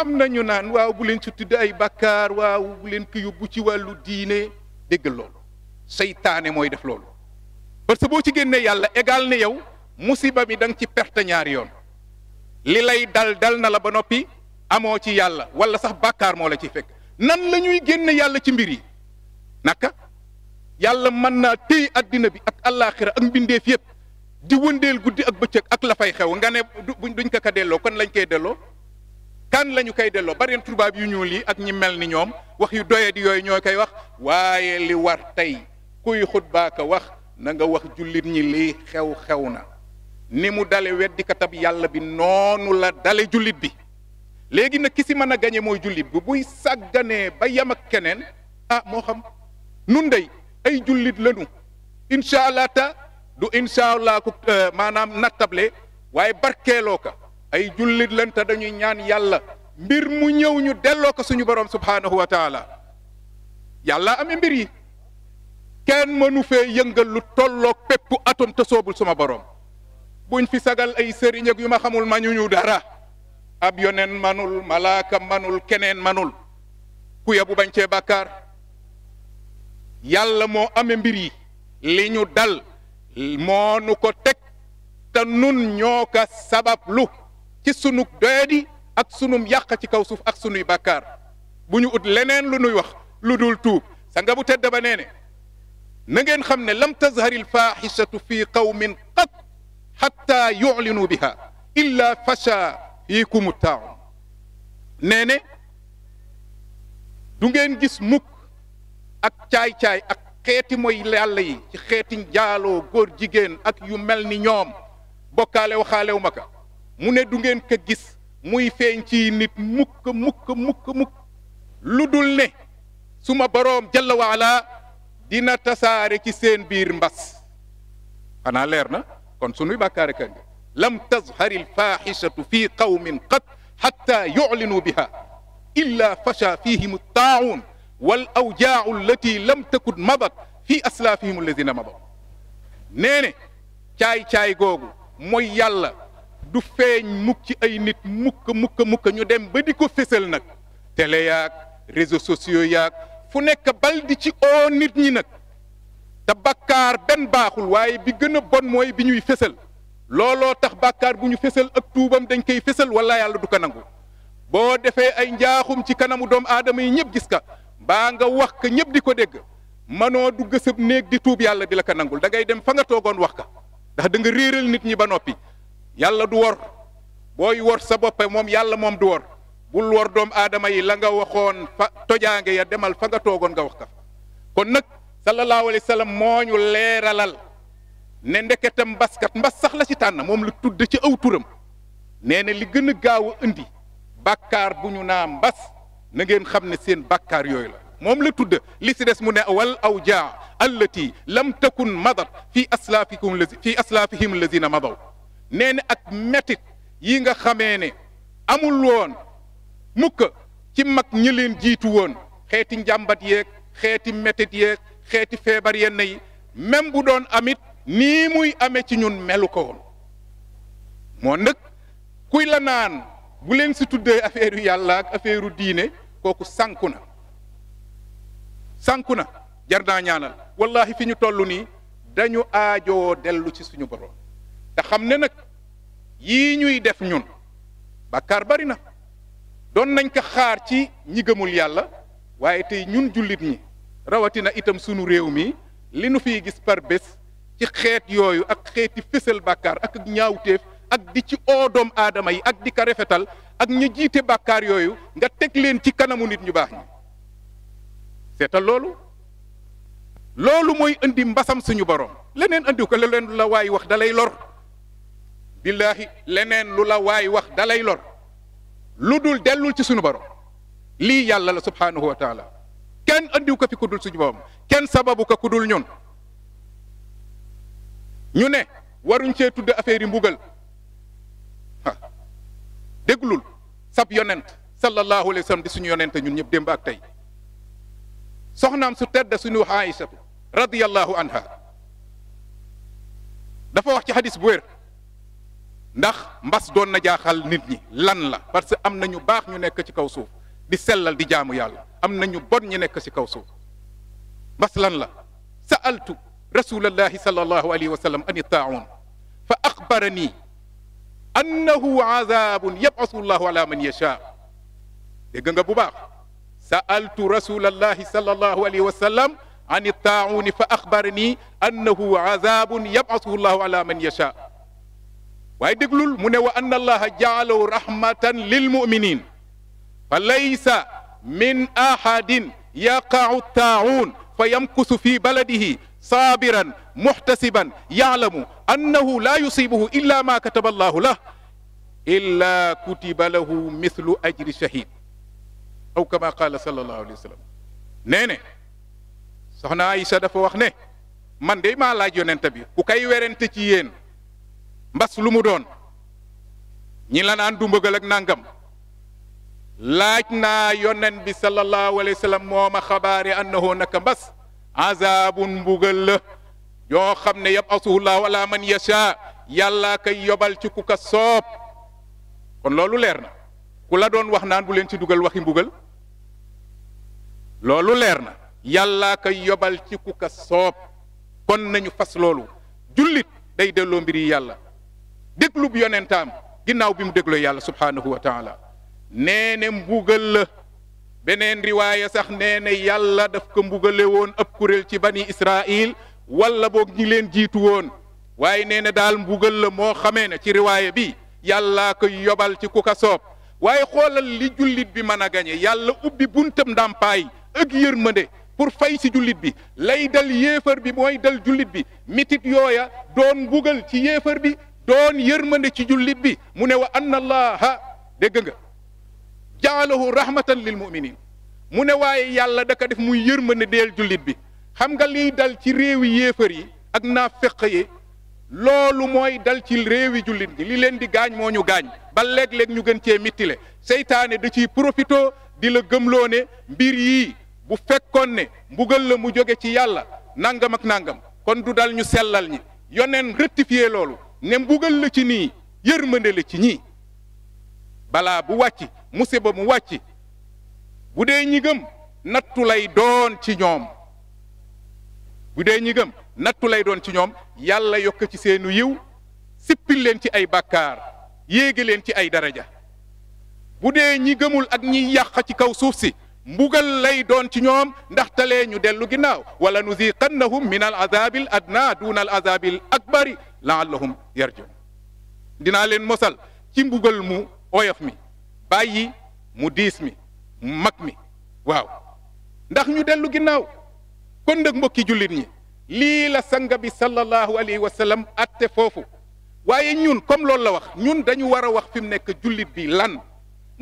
أمنا نان واو بلين تتدى أي بكار واو بلين كي يبوتي والو ديني ديگ لول سيطان موي دف لول بس بوتي جنة يالا اغال نيو مصيبة مي دانتي پرت نياريون للاي دال دال نالا بنوبي amo ci yalla wala sax bakar mo la ci fek nan la ñuy yalla ci mbiri naka yalla man na te adina bi ak alakhirah ak fi yeb di wëndeel guddi ak bëccëg ak la fay xew nga ne duñ ko ka delo kon lañ koy delo kan lañu koy delloo bareen tubaab yu ñuul li ak ñi melni ni wax yu doye di yoy ñoy koy wax waye li war tay kuy khutba ka wax na nga wax julit ñi li xew xewna ni mu dale weddi katab yalla bi nonu la dale julit bi léegi nag ki si mën a gañe mooy jullit bi buy sàgganee ba yem ak keneen ah moo xam nun dey ay jullit lañu incha allah ta du incha allah ku eh, maanaam nattable waaye barkeeloo ka ay jullit lañ te dañuy ñaan yàlla mbir mu ñëw ñu delloo ko suñu borom subhaanahu wa taala yàlla amee mbir yi kenn mënu fee yëngal lu tolloog peppu atom te soobul suma borom buñ fi sagal ay sëriñ yu ma xamul ma ñu ñu dara. ab manul malaka manul kenen manul ku yabu bance bakar yàlla mo amé mbir yi liñu dal mo nu ko tek ta nun ñoka sabab lu ci sunu doyadi ak sunum yàq ci kaw suuf ak sunu bakar buñu ut lenen lu nuy wax ludul tu sa nga bu tedda ba na ngeen xamne lam tazhari alfaxishatu fi qawmin qat hatta yu'linu biha illa fasha iikumu taaw nee ne du ngeen gis mukk ak caay-caay ak xeeti moy yàlla yi ci xeeti njaaloo góor jigéen ak yu mel ni ñoom bokkaale waxaalew ma ka mu ne du ngeen ka gis muy feeñ ci nit mukk mukk mukk mukk lu dul ne suma boroom jalla dina tasaare ci seen biir mbas xanaa leer na kon sunuy bàkkaare ka nga لم تظهر الفاحشة في قوم قط حتى يعلنوا بها إلا فشى فيهم الطاعون والأوجاع التي لم تكن مضت في أسلافهم الذين مضوا نيني caay caay غوغو موي يالا du feeñ mukk ci ay nit mukk mukk mukk ñu dem ba di ko fésal nag télé yaag réseaux sociaux yaag fu nekk bal di ci oo nit ñi nag te bakkaar benn baaxul waaye bi gën a bon mooy bi ñuy fessel Lolo tax bakkar buñu fessel ak tubam dañ koy ya wala yalla du ko nangu bo defé ay njaaxum ci kanamu dom adamay ñepp gis ka ba nga wax ka ñepp di ko mano du geuseb neeg di tub yalla di la ko nangul da ngay dem fa nga togon wax ka ndax da nga réeral nit ñi ba nopi yalla du wor boy wor sa boppe mom yalla mom du wor bul wor dom adamay la nga waxon fa tojaange ya demal fa nga togon nga wax ka kon nak sallallahu alaihi wasallam moñu leralal ne ndekete mbaskat mbas sax la ci tan mom la tudde ci aw turam neena li gëna gaaw indi bakkar bu ñu naa mbas na ngeen xamne seen bakkar yoy la mom la tudde li ci dess mu ne wal awjaa allati lam takun madat fi aslafikum fi aslafihim lazina madaw neena ak metit yi nga xamee ne amul won mukk ci mak ñi leen jiitu woon xeeti njàmbat yeeg metit yeeg xéti febar yenn yi même bu doon amit nii muy ame ci ñun melu ko woon moo nag kuy la naan bu leen si tuddee affaire yu yàlla ak affaire diine kooku sànku na sanku na jar naa wallahi fi ñu toll nii dañu aajoo dellu ci suñu borom te xam ne nag yi ñuy def ñun bàkkaar bari na doon nañ ko xaar ci ñi gëmul yàlla waaye tey ñun jullit ñi rawatina itam sunu réew mi li nu fiy gis par bés ci xeet yooyu ak xeeti fësal bàkkaar ak ñaawteef ak di ci oo doom aadama yi ak di ko rafetal ak ñu jiite bàkkaar yooyu nga teg leen ci kanamu nit ñu baax ñi seetal loolu loolu mooy indi mbasam suñu borom leneen andiw ko leneen lu la waay wax dalay lor billaahi leneen lu la waay wax dalay lor lu dul dellul ci suñu borom lii yàlla la subhaanahu wa taala kenn andiw ko fi ku dul suñu borom kenn sababu ko ku dul ñun ñu ne waruñ cee tudd affaire yi mbugal ah déglul sab yonent sallallahu alayhi wa sallam di suñu yonent ñun ñëpp démb ak tey soxnaam su tedd suñu aïchatu radiyallahu anha dafa wax ci xadis bu wér ndax mbas doon na jaaxal nit ñi lan la parce que am na ñu baax ñu nekk ci kaw suuf di sellal di jaamu yàlla am na ñu bon ñu nekk ci kaw suuf mbas lan la sa'altu رسول الله صلى الله عليه وسلم أن الطاعون فأخبرني أنه عذاب يبعث الله على من يشاء سألت رسول الله صلى الله عليه وسلم عن الطاعون فأخبرني أنه عذاب يبعث الله على من يشاء ويدقلل من وأن الله جعل رحمة للمؤمنين فليس من أحد يقع الطاعون فيمكث في بلده صابرا محتسبا يعلم أنه لا يصيبه إلا ما كتب الله له إلا كتب له مثل أجر الشهيد aw kama qaala sallallahu alayhi wa sallam nee ne soxna Aïcha dafa wax ne man de maa laaj yonente bi ku kay werente ci yéen mbas lu mu doon ñi la naan du mbëgal ak nangam laaj naa yonen bi sallallahu alayhi wa sallam moo ma xabaare annahu naka mbas azabun mbugal la yoo xam ne yab'asuhu llaahu ala man yasha yàllaa kay yobal ci ku ka kon loolu leer na ku la doon wax naan bu leen ci dugal waxi mbugal loolu leer na yàllaa kay yobal ci ku ka soob kon nañu fas loolu jullit day delloo mbir yi yàlla déglu bu yonentaam ginnaaw bi mu dégloo yàlla subhaanahu wa taala nee la beneen riwaaya sax nee yàlla daf ko mbugale woon ab kuréel ci bani israël wala boog ñi leen jiitu woon waaye nee na daal mbugal la moo xamee ne ci riwaaya bi yàllaa ko yobal ci ku ka soob waaye li jullit bi mën a yàlla ubbi buntam ndàmpaay ak yërmande pour fay si jullit bi lay dal yéefar bi mooy dal jullit bi mitit yooya doon mbugal ci yéefar bi doon yërmande ci jullit bi mu wa anna dégg nga jaalahu rahmatan lil muminin mu ne waaye yàlla daka def muy yërmande deel jullit bi xam nga liy dal ci réewi yéefar yi ak naa naafeq yi loolu mooy dal ci réewi jullit ñi li leen di gaañ moo ñu gaañ ba léeg-léeg ñu gën cee mittile seytaane da ciy profito di la gëmloo ne mbir yi bu fekkoon ne mbugal la mu jóge ci yàlla nangam ak nangam kon du dal ñu sellal ñi yoneen rectifier loolu ne mbugal la ci nii yërmande la ci ñii bala bu wàcc musiba mu wàcc bu dee ñi gëm nattu lay doon ci ñoom bu dee ñi gëm nattu lay doon ci ñoom yàlla yokk ci seenu yiw sippil leen ci ay bàkkaar yéegi leen ci ay daraja bu dee ñi gëmul ak ñi yàq ci kaw suuf si mbugal lay doon ci ñoom ndaxte lee ñu dellu ginnaaw wala nuziqannahum min al azabil adna duna al azabil akbari laallahum yarjiun dinaa leen mosal ci mbugal mu oyof mi bàyyi mu diis mi mu mag mi waaw ndax ñu dellu ginnaaw kon mbokki jullit ñi lii la sanga bi sallallahu alayhi wa sallam atte foofu waaye ñun comme loolu la wax ñun dañu war a wax fi mu nekk jullit bi lan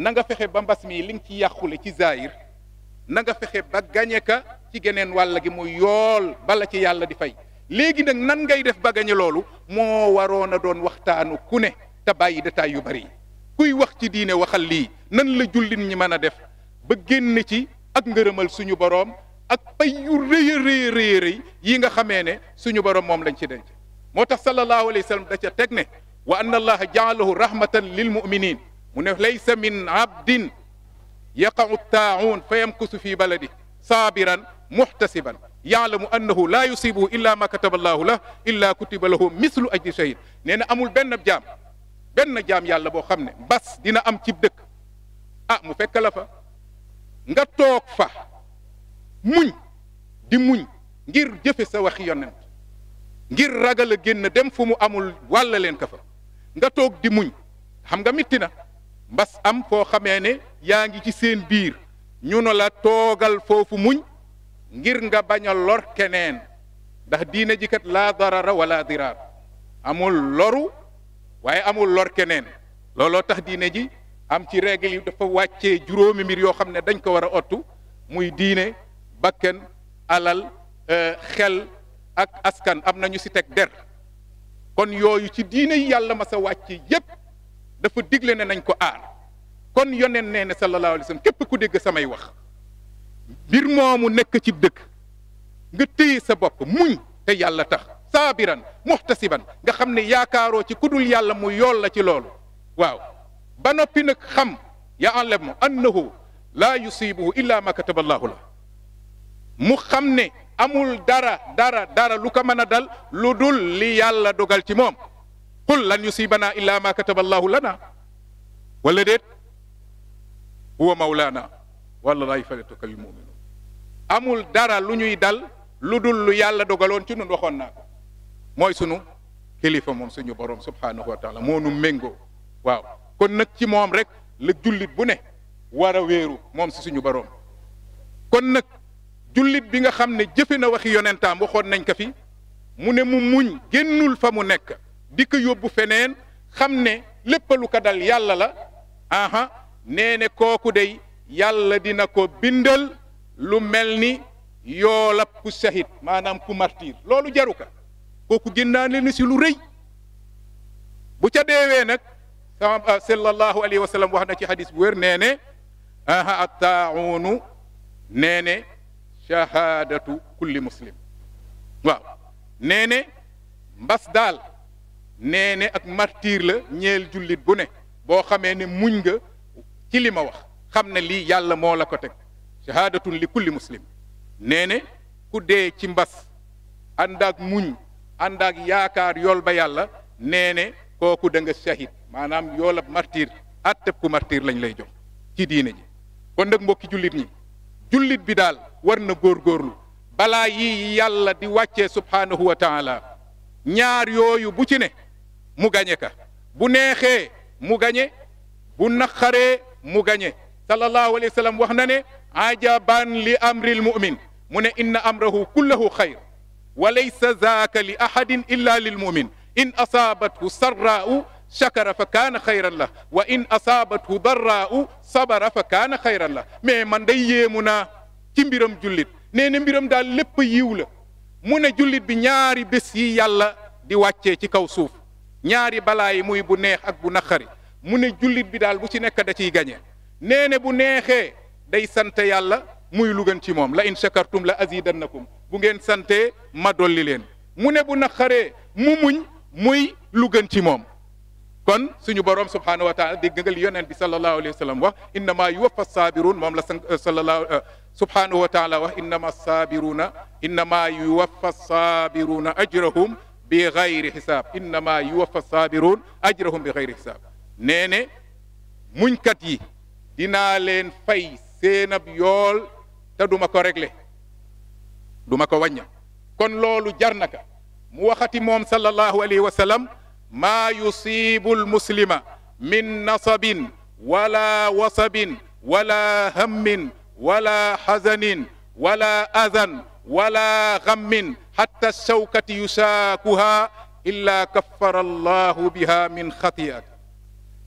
na nga fexe ba mbas mii li ci yàqule ci zaayir na nga fexe ba gañe ka ci geneen wàll gi mu yool bala ci yàlla di fay léegi nag nan ngay def ba gañe loolu moo waroon a doon waxtaanu ku ne te bàyyi détail yu bari kuy wax ci diine waxal lii nan la jullit ñi mën a def ba génn ci ak ngërëmal suñu boroom ak pay yu rëy a rëy rëy rëy yi nga xamee ne suñu boroom moom lañ ci denc moo tax sallallahu alayhi wa sallam da ca teg ne wa anna allaha jaalahu rahmatan lil muminin mu ne laysa min abdin yaqau taaun fa yamkusu fi baladi saabiran muhtasiban yaalamu annahu laa yusibuhu illa ma kataba allahu lah illa kutiba lahu mislu ajri shahid nee na amul benn jaam benn jaam yàlla boo xam ne mbas dina am cib dëkk a ah, mu fekk fa nga toog fa muñ di muñ ngir jëfe sa wax yonent ngir ragal a génn dem fu mu amul wàlla leen ka fa nga toog di muñ xam nga mitti na mbas am foo xamee ne yaa ngi ci seen biir ñu ne la toogal foofu muñ ngir nga bañ a lor keneen ndax diine ji kat laa darara wala diraar amul loru waaye amul lor keneen looloo tax diine ji am ci règle yi dafa wàccee juróomi mbir yoo xam ne dañ ko war a ottu muy diine bakkan alal euh, xel ak askan am na ñu si teg der kon yooyu ci diine yi yàlla ma sa wàcce yépp dafa digle ne nañ ko aar kon yoneen nee ne sallallahu alayhi képp ku dégg samay wax mbir moomu nekk cib dëkk nga téye sa bopp muñ te yàlla tax saabiran muhtasiban nga xam ne yaakaaroo ci kudul yàlla mu yool la ci loolu waaw ba noppi nag xam ya enlèvement annahu laa yusibuhu illa ma kataba allahu la mu xam ne amul dara dara dara lu ko mën a dal lu dul li yàlla dogal ci moom qul lan yusibana illa ma kataba allahu lana wala déet huwa mawlana wala lay faletuka lmuminun amul dara lu ñuy dal lu dul lu yàlla dogaloon ci nun waxoon naa ko mooy sunu kilifa moom suñu borom subhaanahu wa taala moo nu méngoo waaw kon nag ci moom rek la jullit bu ne war a wéeru moom si suñu borom kon nag jullit bi nga xam ne jëfe na waxi yonentaam waxoon nañ ko fi mu ne mu muñ génnul fa mu nekk di ko yóbbu feneen xam ne lépp lu ko dal yàlla la aha nee kooku dey yàlla dina ko bindal lu mel ni yoolab ku sahit maanaam ku martiir loolu jaru ka kooku génnaale na si lu rëy bu ca deewee nag sama ah, sallallahu alayhi wa wax na ci xadis bu wér nee ne aha attaaunu nee ne shahaadatu kulli muslim waaw nee mbas daal nee ak martiir la ñeel jullit bu ne boo xamee ne muñ nga ci li wax xam ne lii yàlla moo la ko teg shahaadatun li kulli muslim nee ne ku dee ci mbas ànd muñ ànd ak yaakaar yool ba yàlla nee ne kooku da nga shahid maanaam yoolab martir atteb ku martir lañ lay jox ci diine ji kon nag mbokki jullit ñi jullit bi daal war na góorgóorlu balaa yi yàlla di wàccee subhaanahu wa taala ñaar yooyu bu ci ne mu gañe ka bu neexe mu gañe bu naqaree mu gañe sallallahu alayhi wa sallam wax na ne ajabaan li amril mu'min mu ne inna amrahu kullahu xayr وليس ذاك لأحد إلا للمؤمن إن أصابته سراء شكر فكان خيرا له وإن أصابته ضراء صبر فكان خيرا له mais man day yéemu naa ci mbiram jullit nee na mbiram daal lépp yiw la mu ne jullit bi ñaari bés yi yàlla di wàccee ci kaw suuf ñaari balaa yi muy bu neex ak bu naqari mu ne jullit bi daal bu ci nekk da ciy gañe nee na bu neexee day sant yàlla muy lu gën ci mom la in shakartum la azidannakum bu ngeen sante ma doli len mu ne bu naqaree mu muñ muy lu gën ci mom kon suñu borom subhanahu wa taala de gëngal li bi sallallahu alayhi wasallam wax innama yuwaffa sabirun mom la sallallahu subhanahu wa taala wax innama sabiruna innama yuwaffa sabiruna ajrahum bi gayri xisaab innama yuwaffa sabirun ajrahum bi gayri xisaab nee ne muñkat yi dinaa leen fay senab yol te duma ko régler duma ko wàñña kon lolu jarnaka mu waxati mom sallallahu alayhi wa sallam maa yusibu almuslima min nasabin wala wasabin wala hammin wala hazanin wala azan wala ghammin hatta shawkati yusaakuha illa kaffara allah biha min khatiyat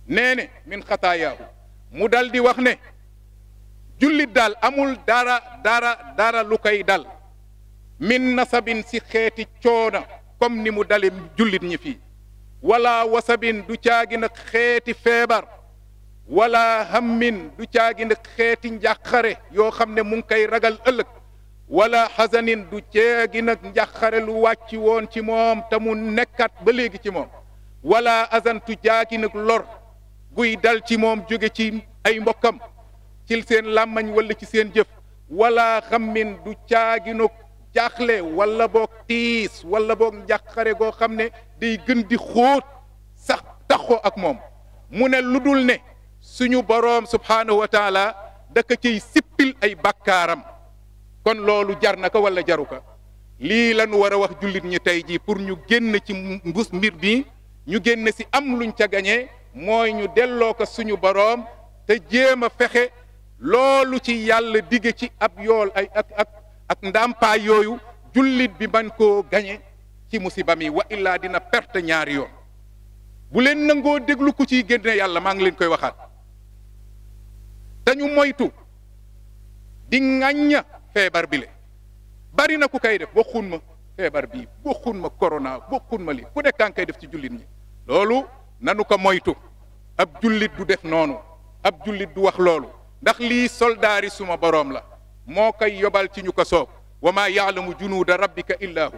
nene min khatayahu mu daldi di wax ne jullit daal amul dara dara dara lu koy dal min nasabin si xeeti coona comme ni mu dale jullit ñi fi walla wasabin du caagi nag xeeti feebar wala hammin du caagi nag xeeti njàqare yoo xam ne mu ngi koy ragal ëllëg wala xasanin du caagi nag njàqare lu wàcc woon ci moom te mu nekkat ba léegi ci moom wala azan du caagi lor guy dal ci moom jóge ci ay mbokkam ci seen làmmañ walla ci seen jëf wala xammin du caaginug jaaxle wala boog tiis wala boog njàqare goo xam ne day gën di xóot sax taxoo ak moom mu ne lu dul ne suñu boroom subhaanahu wa taala sippil ay bakkaaram kon loolu jar na ko wala jaru ko lii lañu war a wax jullit ñi tey jii pour ñu génn ci mbus mbir bi ñu génn si am luñ ca gañe mooy ñu delloo ko suñu boroom te jéem fexe Lalu ci yàlla dige ci ab yol ay ak ak ak ndàmpaay yooyu jullit bi man ko gañe ci musiba wa illa dina perte ñaari yoon bu kuci nangoo déglu ku ciy génne yàlla maa ngi leen koy waxaat dañu moytu di ŋàñña feebar bi le bari na ku kay def waxun ma feebar bii waxun ma corona waxun ma li ku nekkaa ngi koy def ci jullit ñi loolu nanu ko moytu ab jullit du def noonu ab jullit du wax ndax li soldari suma borom la moo koy yobal ci ñuko ko wama ya'lamu junud rabbika illa hu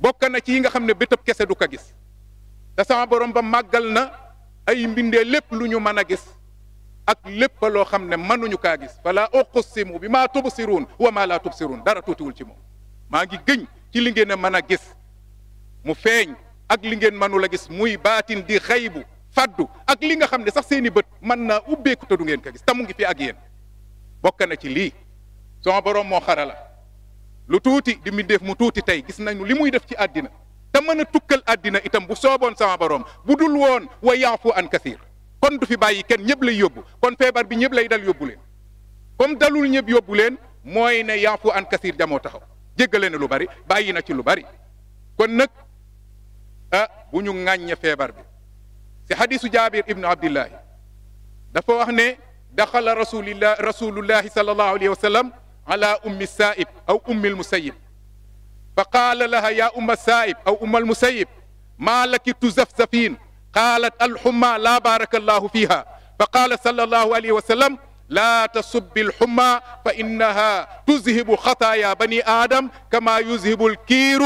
bokk na ci yi nga xamne ne kesse du ko gis da sama borom ba magal na ay mbinde lépp lu ñu gis ak lépp lo xamne ne ñu ka gis fala uqsimu bima tubsirun wama la tubsirun laa tubsiruun dara ci moom ma ngi gëñ ci li ngeen a gis mu feñ ak li ngeen mënul la gis muy batin di khaybu faddu ak li nga xam ne sax seeni bët mën naa ubbeeku te du ngeen ko gis tamu ngi fi ak yéen bokk na ci lii sama borom moo xarala lu tuuti di mbindeef mu tuuti tey gis nañu li muy def ci àddina te mën a tukkal àddina itam bu sooboon sama borom bu dul woon wa yaafu an kasiir kon du fi bàyyi kenn ñëpp lay yóbbu kon feebar bi ñëpp lay dal yóbbu leen comme dalul ñëpp yóbbu leen mooy ne yaafu an kasiir jamoo taxaw jéggale na lu bari bàyyi na ci lu bari kon nag ah bu ñu ŋàññe bi si xadisu jaabir ibnu abdillahi dafa wax ne daxala rasulillah rasulullahi salallahu alayhi wa sallam ala ummi saib aw ummi almusayib fa qaala laha ya umma saib aw umma almusayib ما لك تزفزفين قالت الحمى لا بارك الله فيها فقال صلى الله عليه وسلم لا تصب الحمى فإنها تذهب خطايا بني آدم كما يذهب الكير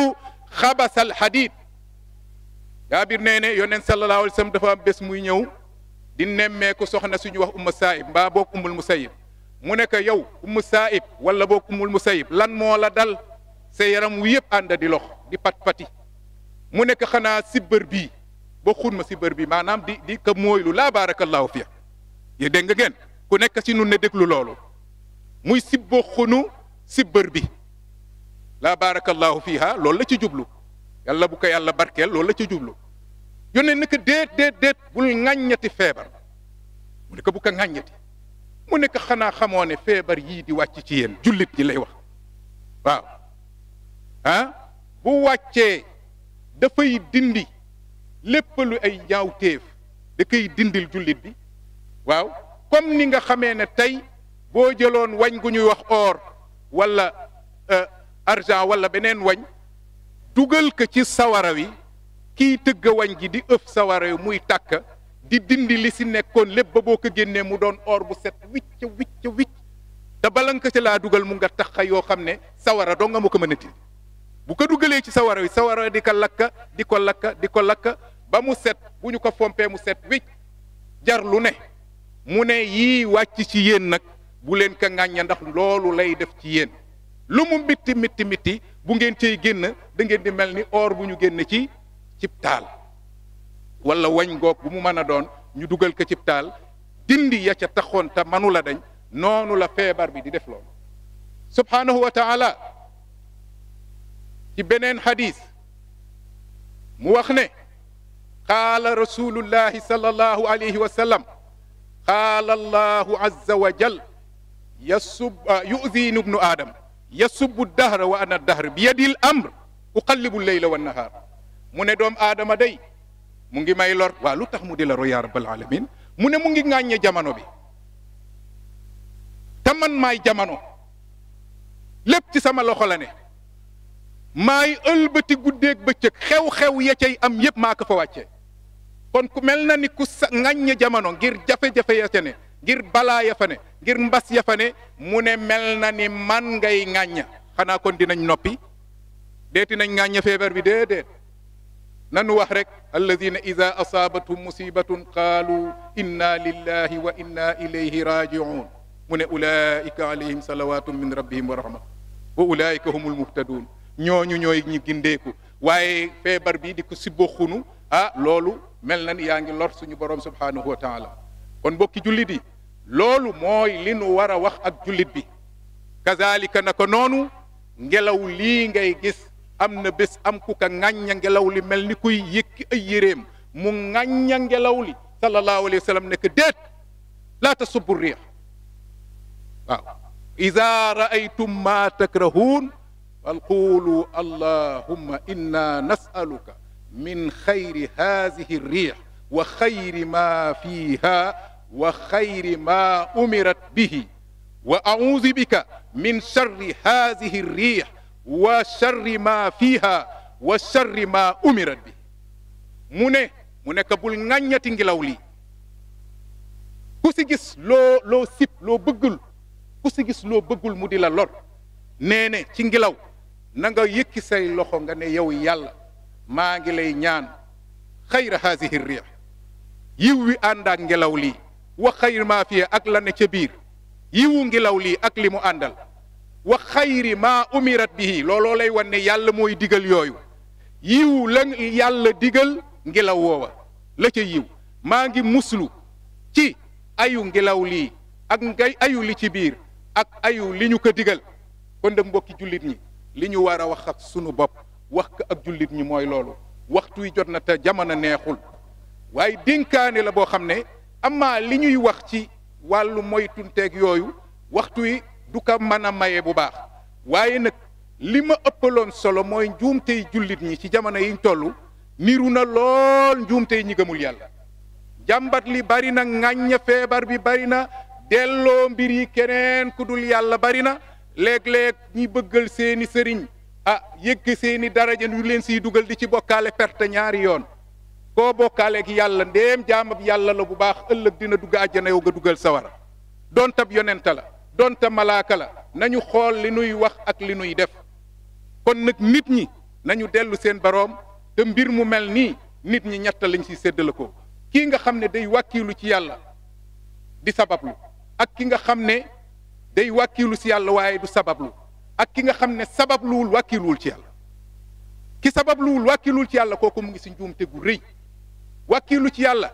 خبث الحديد jaabir neene ne sallallahu alaihi wasallam dafa am bés muy ñëw di nemme ko soxna suñu wax ummu saib ba bok umul musayib mu ne ko yow ummu saib wala bok umul musayib lan mo la dal se yaram wi yep anda di lox di pat pati mu ne ko xanaa sibbër bi bo xun ma sibbër bi manam di di ka mooylu la barakallahu fiya ye dégg nga ngeen ku nek ci nun ne déglu lolu muy sibbo xunu sibbër bi la barakallahu fiha lolu la ci jublu yàlla bu ko yàlla barkel lolou la ci djublu yone nek ko déet déet bul ngagnati febar mu nek bu ko ngagnati mu nek xana xamone febar yi di wàcc ci yéen djulit ñi lay wax waaw ha bu wacce da fay dindi lépp lu ay jawteef da kay dindil djulit bi waaw comme ni nga xamé ne tay bo jëlone wañ guñuy wax or wala euh argent wala benen wañ dugal ko ci sawara wi kiy tëgg wañ gi di ëf sawara yu muy tàkk di dindi li si nekkoon lépp ba boo ko génnee mu doon or bu set wicc wicc wicc te bala nga ca laa dugal mu nga tax yoo xam ne sawara doo nga ma ko bu ko dugalee ci sawara wi sawara di ko lakka di ko lakka di ko lakka ba mu set bu ñu ko fompee mu set wicc jar lu ne mu ne yii wàcc ci yéen nag bu leen ko ŋàñña ndax loolu lay def ci yéen lu mu mitti mitti mitti bu ngeen cey génn da ngeen di mel ni or bu ñu génn ci cib wala wañ goog bu mu mën a doon ñu dugal ko cib dindi ya ca taxoon te manu la dañ noonu la feebar bi di def loolu subhanahu wa taala ci beneen xadis mu wax ne qaala rasulullahi sallallahu alayhi wa sallam qaala allahu azza wa jal yasub yu'zinu ibnu adam yasubbu dahra wa ana dahr bi yadil amr uqallibu leyla wa nahaar mu ne doom aadama day mu ngi may lor waa lu tax mu di la royaa rabbal alamin mu ne mu ngi ŋàññe jamono bi te man maay jamono lépp ci sama loxo la ne maay ëlbati guddeeg bëccëg xew-xew ya cay am yépp maa ko fa wàcce kon ku mel na ni ku sa ŋàññe jamono ngir jafe-jafe ya ca ne ngir balaa yafane ngir mbas yafane fa ne mu ne mel na ni man ngay ŋàñña xanaa kon dinañ noppi deeti nañ ŋàñña feebar bi déedéet nanu wax rek alladina ida asaabathum musibatun qaalu inna lillahi wa inna ilayhi rajiun mu ne ulaika alayhim salawatum min rabbihim wa rahma wa ulaika humul muhtadun ñooñu ñooy ñi gindeeku waaye feebar bi di ko sibbo xunu ah loolu mel na ni yaa ngi lor suñu borom subhanahu wa taala kon mbokki julit yi loolu mooy li nu war a wax ak julit bi kazalika naka noonu ngelaw lii ngay gis am na bés am ku ka ŋàñña ngelaw li mel ni kuy yëkki ay yéreem mu ŋàñña ngelaw li sallallahu alayhi wa sallam nekk déet laa tasubbu riix waaw raaytum ma takrahuun فقولوا اللهم انا نسالك من خير هذه الريح وخير ما فيها وخير ما أمرت به وأعوذ بك من شر هذه الريح وشر ما فيها وشر ما أمرت به mu ne mu nekk bul ŋàññati ngelaw lii ku si gis loo loo sib loo bëggul ku si gis loo bëggul mu di la lor nee ne ci ngelaw na nga yëkki say loxo nga ne yow yàlla maa ngi lay ñaan xayra haasihi riix yiw wi ànd ak ngelaw lii wax xayri maa fiye ak la ne ca biir yiwu ngelaw lii ak li mu àndal wa xayri maa umirat bihi looloo lay wane yàlla mooy digal yooyu yiwu la yàlla digal ngelaw woowa la ca yiw maa ngi muslu ci ayu ngelaw lii ak ngay ayu li ci biir ak ayu li ñu ko digal kon de mbokki jullit ñi li ñu war a wax ak sunu bopp wax ko ak jullit ñi mooy loolu waxtu wi jot na te jamono neexul waaye dénkaane la boo xam ne amaa li ñuy wax ci wàllu moytunteeg yooyu waxtu wi du ko mën a maye bu baax waaye nag li ma ëppaloon solo mooy njuumtey jullit ñi ci jamono yiñ tollu niru na lool njuumtey ñi gëmul yàlla jàmbat li bari na ŋàññ feebar bi bari na delloo mbir yi keneen ku dul yàlla bari na léeg-léeg ñi bëggal seeni sëriñ ah yëgg seeni daraja ñu leen siy dugal di ci bokkaale perte ñaari yoon koo bokkaaleeg yàlla ndéem jaamab yàlla la bu baax ëllëg dina dugg àjjana yow ga dugal sawara doontab yonenta la doonta malaaka la nañu xool li nuy wax ak li nuy def kon nag nit ñi nañu dellu seen baroom te mbir mu mel nii nit ñi ñett lañ ci séddale ko kii nga xam ne day wàkkiilu ci yàlla di sabablu ak ki nga xam ne day wàkkiilu ci yàlla waaye du sabablu ak ki nga xam ne sababluwul wàkkiiluwul ci yàlla ki sababluwul wàkkiiluwul ci yàlla kooku mu ngi ci njuumte gu rëy wàkkiilu ci yàlla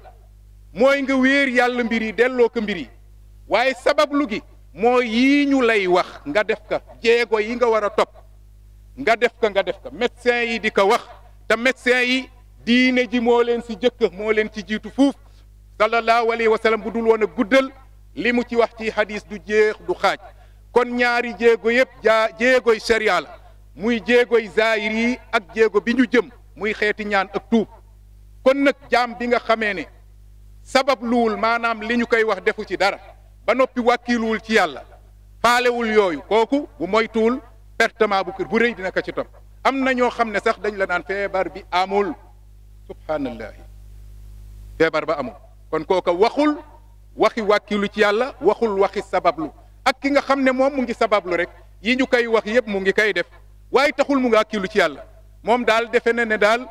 mooy nga wéer yàlla mbir yi delloo ko mbir yi waaye sabablu gi mooy yii ñu lay wax nga def ka jéego yi nga war a topp nga def ka nga def ka médecin yi di ko wax te médecin yi diine ji moo leen si jëkk moo leen ci jiitu fuuf sallallahu alayhi wa bu dul woon a guddal li mu ci wax ci hadis du jéex du xaaj kon ñaari jéego yëpp jaa jéegoy sharia la muy jéegoy zaahir yi ak jéego bi ñu jëm muy xeeti ñaan ak tuub kon nag jaam bi nga xamee ne sabab luwul maanaam li ñu koy wax defu ci dara ba noppi wàkkiluwul ci yàlla paalewul yooyu kooku bu moytuwul pertement bu kër bu rëy dina ko ci topp am na ñoo xam ne sax dañu la naan feebar bi amul subhaanallahi feebar ba amul kon kooka waxul waxi wàkkilu ci yàlla waxul waxi sabablu ak ki nga xam ne moom mu ngi sabablu rek yi ñu koy wax yépp mu ngi koy def waaye taxul mu ngi wàkkilu ci yàlla moom daal defe na ne daal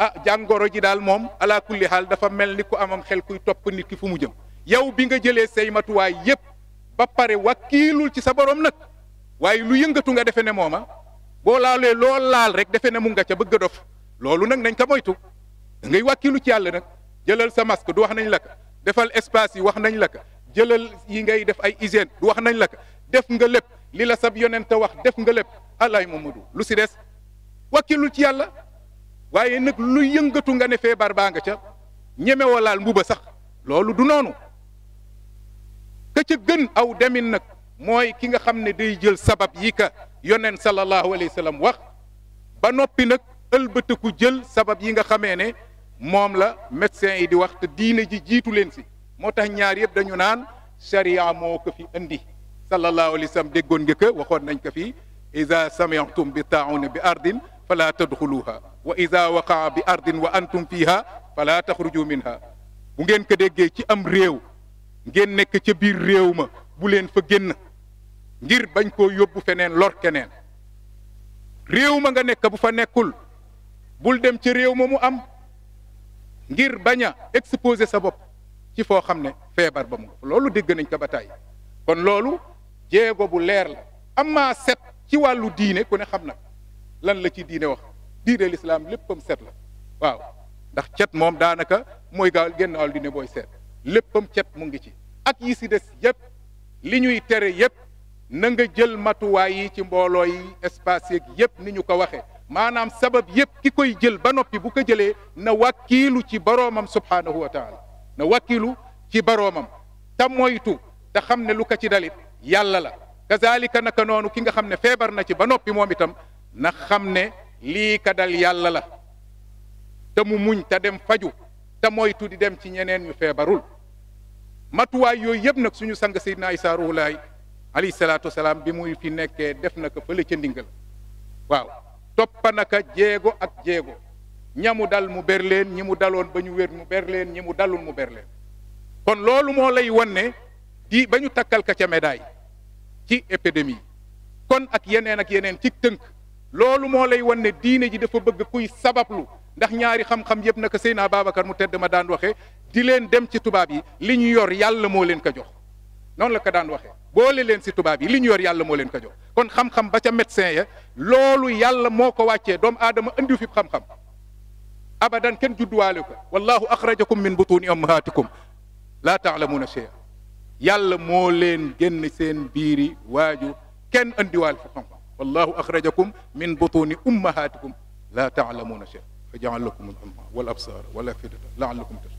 ah jàngoro ji daal moom ala kulli xaal dafa mel ni ku amam xel kuy topp niki fu mu jëm yow bi nga jëlee say matuwaay yépp ba pare wakiilul ci sa borom nag waaye lu yëngatu nga defe ne mooma boo laalee lool laal rek defe ne mu nga ca bëgg a dof loolu nag nañ ko moytu da ngay wàkkilu ci yàlla nag jëlal sa masque du wax nañ la defal espace yi wax nañ la ko jëlal yi ngay def ay hygiène du wax nañ la ko def nga lépp li la sab yonent wax def nga lépp alaay Mamadu lu si des wàkkilul ci yàlla waaye nag lu yëngatu nga ne feebar baa nga ca ñeme walaal mbuba sax loolu du noonu ka ca gën aw demin nag mooy ki nga xam ne day jël sabab yi ka yoneen sallallahu alayhi wa sallam wax ba noppi nag ëlbëtëku jël sabab yi nga xamee ne moom la médecin yi di wax te diine ji jiitu leen si moo tax ñaar yëpp dañu naan sharia moo ko indi sallallahu alayhi wa sallam déggoon nga ko waxoon nañ ko fi iza sami'tum bi taa'una bi ardin fala tadxuluha wa ida waqaa bi ardin wa antum fiha fala taxruju minha bu ngeen ko déggee ci am réew ngeen nekk ca biir réew ma bu leen fa génn ngir bañ koo yóbbu feneen lor keneen réew ma nga nekk bu fa nekkul bul dem ca réew ma mu am ngir bañ a exposer sa bopp ci foo xam ne feebar ba mu loolu dégg nañ ko ba tàyyi kon loolu jéego bu leer la amaa set ci wàllu diine ku ne xam na lan la ci diine wax diine lislaam léppam set la waaw ndax cet moom daanaka mooy gaal génn wàllu dine booy seet léppam cet mu ngi ci ak yi si des yépp li ñuy tere yépp na nga jël matuwaay yi ci mbooloo yi espace yeeg yépp ni ñu ko waxee maanaam sabab yépp ki koy jël ba noppi bu ko jëlee na wàkkiilu ci baroomam subhaanahu wa taala na wàkkiilu ci baroomam ta moytu te xam ne lu ko ci dalit yàlla la kazalika naka noonu ki nga xam ne feebar na ci ba noppi moom itam na xam ne lii ka dal yàlla la mu muñ te dem faju te moytu di dem ci ñeneen ñu feebarul matuwaay yooyu yëpp nag suñu sang Seydina Isaa Ruuhu Laay alayhi salaatu wasalaam bi muy fi nekkee def na ko fële waaw toppa naka jéego ak jéego ñamu dal mu ber leen ñi mu daloon ba ñu wér mu ber leen ñi mu dalul mu ber kon loolu moo lay wan di ba ñu takkal ka ca médaille ci épidémie kon ak yeneen ak yeneen ci tënk lolou mo lay wone diine ji dafa bëgg kuy sabablu ndax ñaari xam-xam yëpp naka seyna babakar mu tedd ma daan waxe di leen dem ci tubaab yi li ñu yor yàlla mo leen ko jox non la ko daan waxee boole leen ci tubaab yi li ñu yor yàlla mo leen ko jox kon xam-xam ba ca médecin ya lolou yàlla moko wacce wàccee doomu andi fi xam-xam abadan kenn judduwaale ko wallahu axrajakum min butuni ummahatikum laa taalamuuna shay'a yàlla moo leen génn seen biiri waajur kenn andiwaal fi xam-xam والله أخرجكم من بطون أمهاتكم لا تعلمون شيئا فجعل لكم الأمة والأبصار ولا فدة لعلكم تشكرون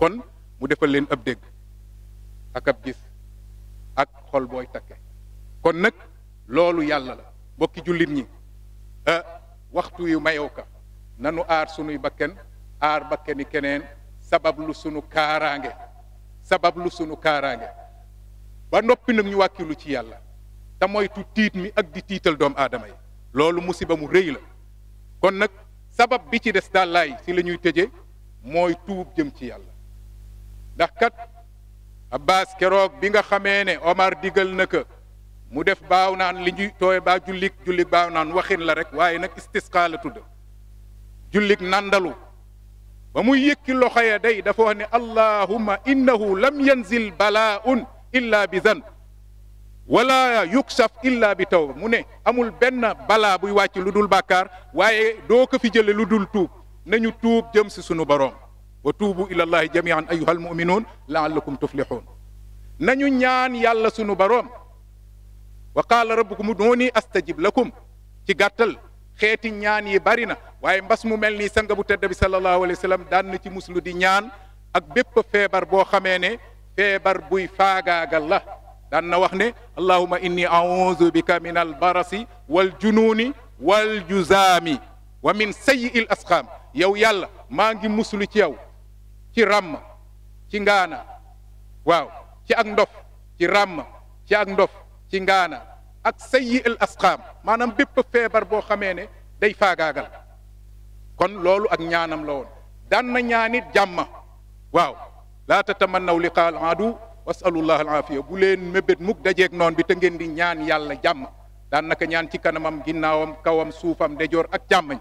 كن مدفل لين أبدك أكب جيس أك خل بوي تكي كن نك لولو يالا بوكي جولي ني أه وقتو يو مايوكا نانو آر سنو بكن آر بكن كنين سبب لسنو كارانجي سبب لسنو كارانجي ba noppi nak ñu wakilu ci yalla moy tu tiit mi ak di tiital dom aadama yi loolu musiba mu reey la kon nak sabab bi ci dess dalay ci lañuy la ñuy tëje mooy tuub jëm ci yàlla ndax kat Abbas kérok bi nga xamé ne Omar digël na mu def baaw naan li ñuy toy ba jullik jullik baaw naan waxin la rek waye nak istisqa la tudd jullik nandalu ba muy yëkki loxaya day dafa wax ne allahumma innahu lam yanzil bala'un illa bi zan wala yuksaf illa bi taw mu ne amul benn bala buy wàcc lu dul bàkkaar waaye doo ko fi jële lu dul tuub nañu tuub jëm si sunu boroom wa tuubu ila allahi jamian ayuha almuminuun laallakum tuflixuun nañu ñaan yàlla sunu boroom wa qaala rabbukum ud'uuni astajib lakum ci gàttal xeeti ñaan yi bari na waaye mbas mu mel ni sanga bu tedd bi sallallahu alayhi wa daan na ci muslu di ñaan ak bépp feebar boo xamee ne feebar buy faagaagal la دانا وخني اللهم اني اعوذ بك من البرص والجنون والجزام ومن سيء الاسقام يا يالا ماغي مسلو تي ياو تي رام تي غانا واو تي اك ندوف تي رام تي اك ندوف تي غانا اك سيء الاسقام مانام بيب فيبر بو خاميني داي فاغاغال كون لولو اك نيانام لا دانا نياني جاما واو لا تتمنوا لقاء العدو wasalullah alaafiya bu leen mébét mukk dajeeg noon bi te ngeen di ñaan yàlla jàmm daan naka ñaan ci kanamam ginnaawam kawam suufam ndejoor ak jàmmañ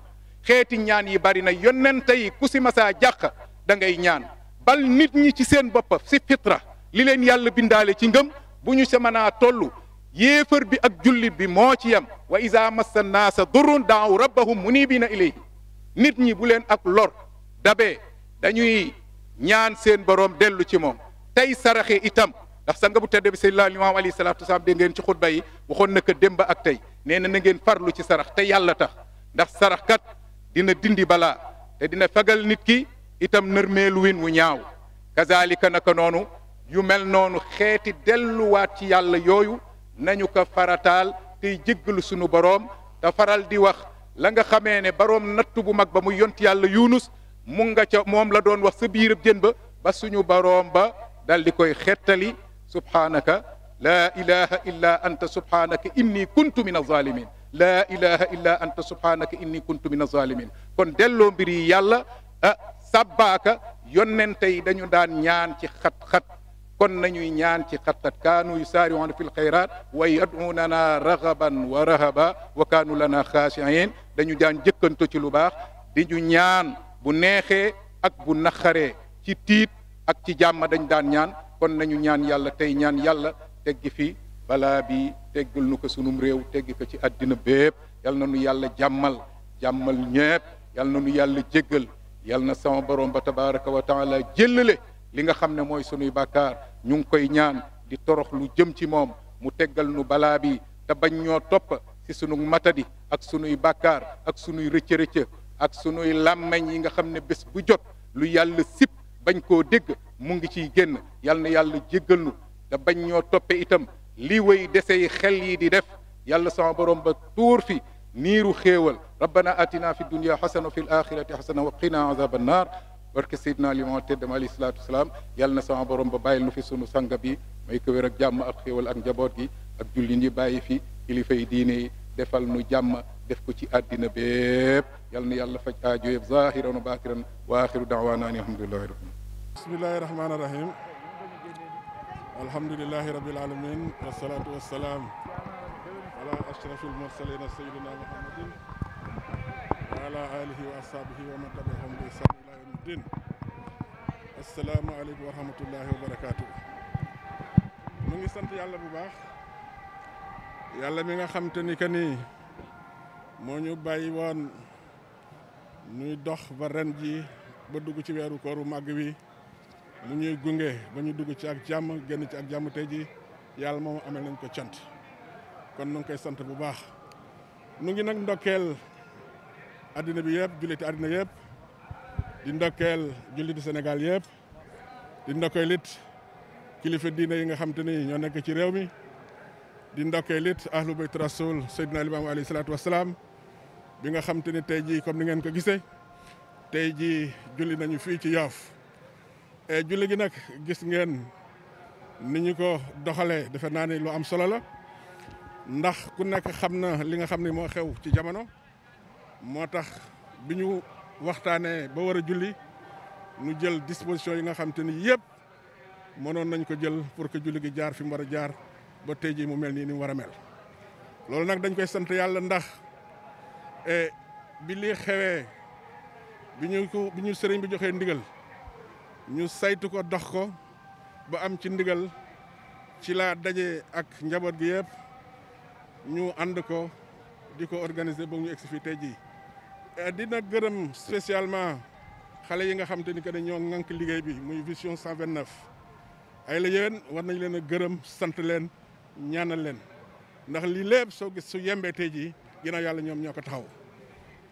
xeeti ñaan yi bari na yonent yi ku si masaa jàq da ngay ñaan bal nit ñi ci seen boppa si fitra li leen yàlla bindaale ci ngëm bu ñu sa mën toll yéefar bi ak jullit bi moo ci yem wa isa massa naasa durun daaw rabbahum munibina ilayhi nit ñi bu leen ak lor dabee dañuy ñaan seen boroom dellu ci moom tey saraxe itam ndax sanga bu tedd bi seydina limaam alayhi salaatu wasalaam dégg ngeen ci xutba yi waxoon na ko ak tey nee na na ngeen farlu ci sarax te yàlla tax ndax sarax kat dina dindi balaa te dina fagal nit ki itam nërmeelu win wu ñaaw kazalika naka noonu yu mel noonu xeeti delluwaat ci yàlla yooyu nañu ko farataal tey jéggalu sunu boroom te faral di wax la nga xamee ne boroom natt bu mag ba mu yont yàlla yunus mu nga ca moom la doon wax sa biirab jën ba ba suñu ba dal di koy xettali subhanaka laa ilaha illa anta subhanaka inni kuntu min azalimin laa ilaha illa anta subhanaka inni kuntu min azalimin kon delloo mbir yi yàlla ah sàbbaaka yonnente yi dañu daan ñaan ci xat-xat kon nañuy ñaan ci xat-xat kaanu yusaariuuna fi lxayrat wa yaduunana ragaban wa rahaba wa kaanu lana xaasiin dañu daan jëkkanto ci lu baax di ñu ñaan bu neexee ak bu naqaree ci tiit ak ci jàmm dañ daan ñaan kon nañu ñaan yàlla tey ñaan yàlla tegg fi balaa bi teggul nu ko sunum réew tegg ko ci àddina bépp yal nu yàlla jàmmal jàmmal ñépp yal na nu yàlla jéggal yal na sama borom ba tabaraka wa taala jëllale li nga xam ne mooy sunuy bàkkaar ñu ngi koy ñaan di torox lu jëm ci moom mu teggal nu balaa bi te bañ ñoo topp ci sunu matadi ak sunuy bàkkaar ak sunuy rëcc ak sunuy làmmeñ yi nga xam ne bés bu jot lu yàlla sip bañ koo dégg mu ngi ciy génn yal na yàlla jéggal nu te bañ ñoo toppe itam li way desey xel yi di def yàlla sama borom ba tuur fi نيرو خيول ربنا آتنا في الدنيا حسنة وفي الآخرة حسنة وقنا عذاب النار barke sidna li mo tedd ma alayhi salatu wassalam yalla na sama borom ba bayil nu fi sunu sanga bi may ko wër ak jamm ak xewal ak njabot gi ak julli bayyi fi kilifa yi diine defal nu jamm def ko ci adina bépp يلني يلا فج أجيب ظاهرا وباكرا وآخر دعوانا أن الحمد لله رب بسم الله الرحمن الرحيم الحمد لله رب العالمين والصلاة والسلام على أشرف المرسلين سيدنا محمد وعلى آله وأصحابه ومن تبعهم بإحسان إلى يوم الدين السلام عليكم ورحمة الله وبركاته من سنت يالله بباخ يالله من خمتني كني مونيو باي وان ñuy dox ba ren ji ba dugg ci weeru kooru màgg wi mu ñuy gunge ba ñu dugg ci ak jàmm génn ci ak jàmm tey yàlla moom amel nañ ko cant kon nu ngi koy sant bu baax nu ngi nag ndokkeel addina bi yëpp julliti addina yëpp di ndokkeel julliti Sénégal yëpp di ndokkeel it kilifa diine yi nga xam te ni ñoo nekk ci réew mi di ndokkeel it ahlu bayt rasul Seydina Limaamu alayhi salaatu wa salaam bi nga xam te ne tey comme ni ngeen ko gisee tay ji julli nañu fii ci yoof e eh, julli gi nag gis ngeen ni ñu ko doxalee defe naa ni lu am solo la ndax ku nekk xam na li nga xam ni moo xew ci jamono moo tax bi ñu waxtaanee ba war a julli ñu jël disposition yi nga xam te ni yëpp mënoon nañ ko jël pour que julli gi jaar fi mu war a jaar ba tey ji mu mel nii ni war mel loolu nag dañ koy sant yàlla ndax Eh, bi lii xewee bi ñu ko ñu sëriñ bi joxee ndigal ñu saytu ko dox ko ba am ci ndigal ci laa daje ak njaboot gi yëpp ñu ànd ko di ko organiser ba ñu egsi fii tey jii. Eh, dina gërëm spécialement xale yi nga xam te ni que ne ñoo ŋànk liggéey bi muy vision 129 ay la yéen war nañ leen a gërëm sant leen ñaanal leen ndax lii lépp soo gis su yembee tey jii. yena yalla ñom ñoko taxaw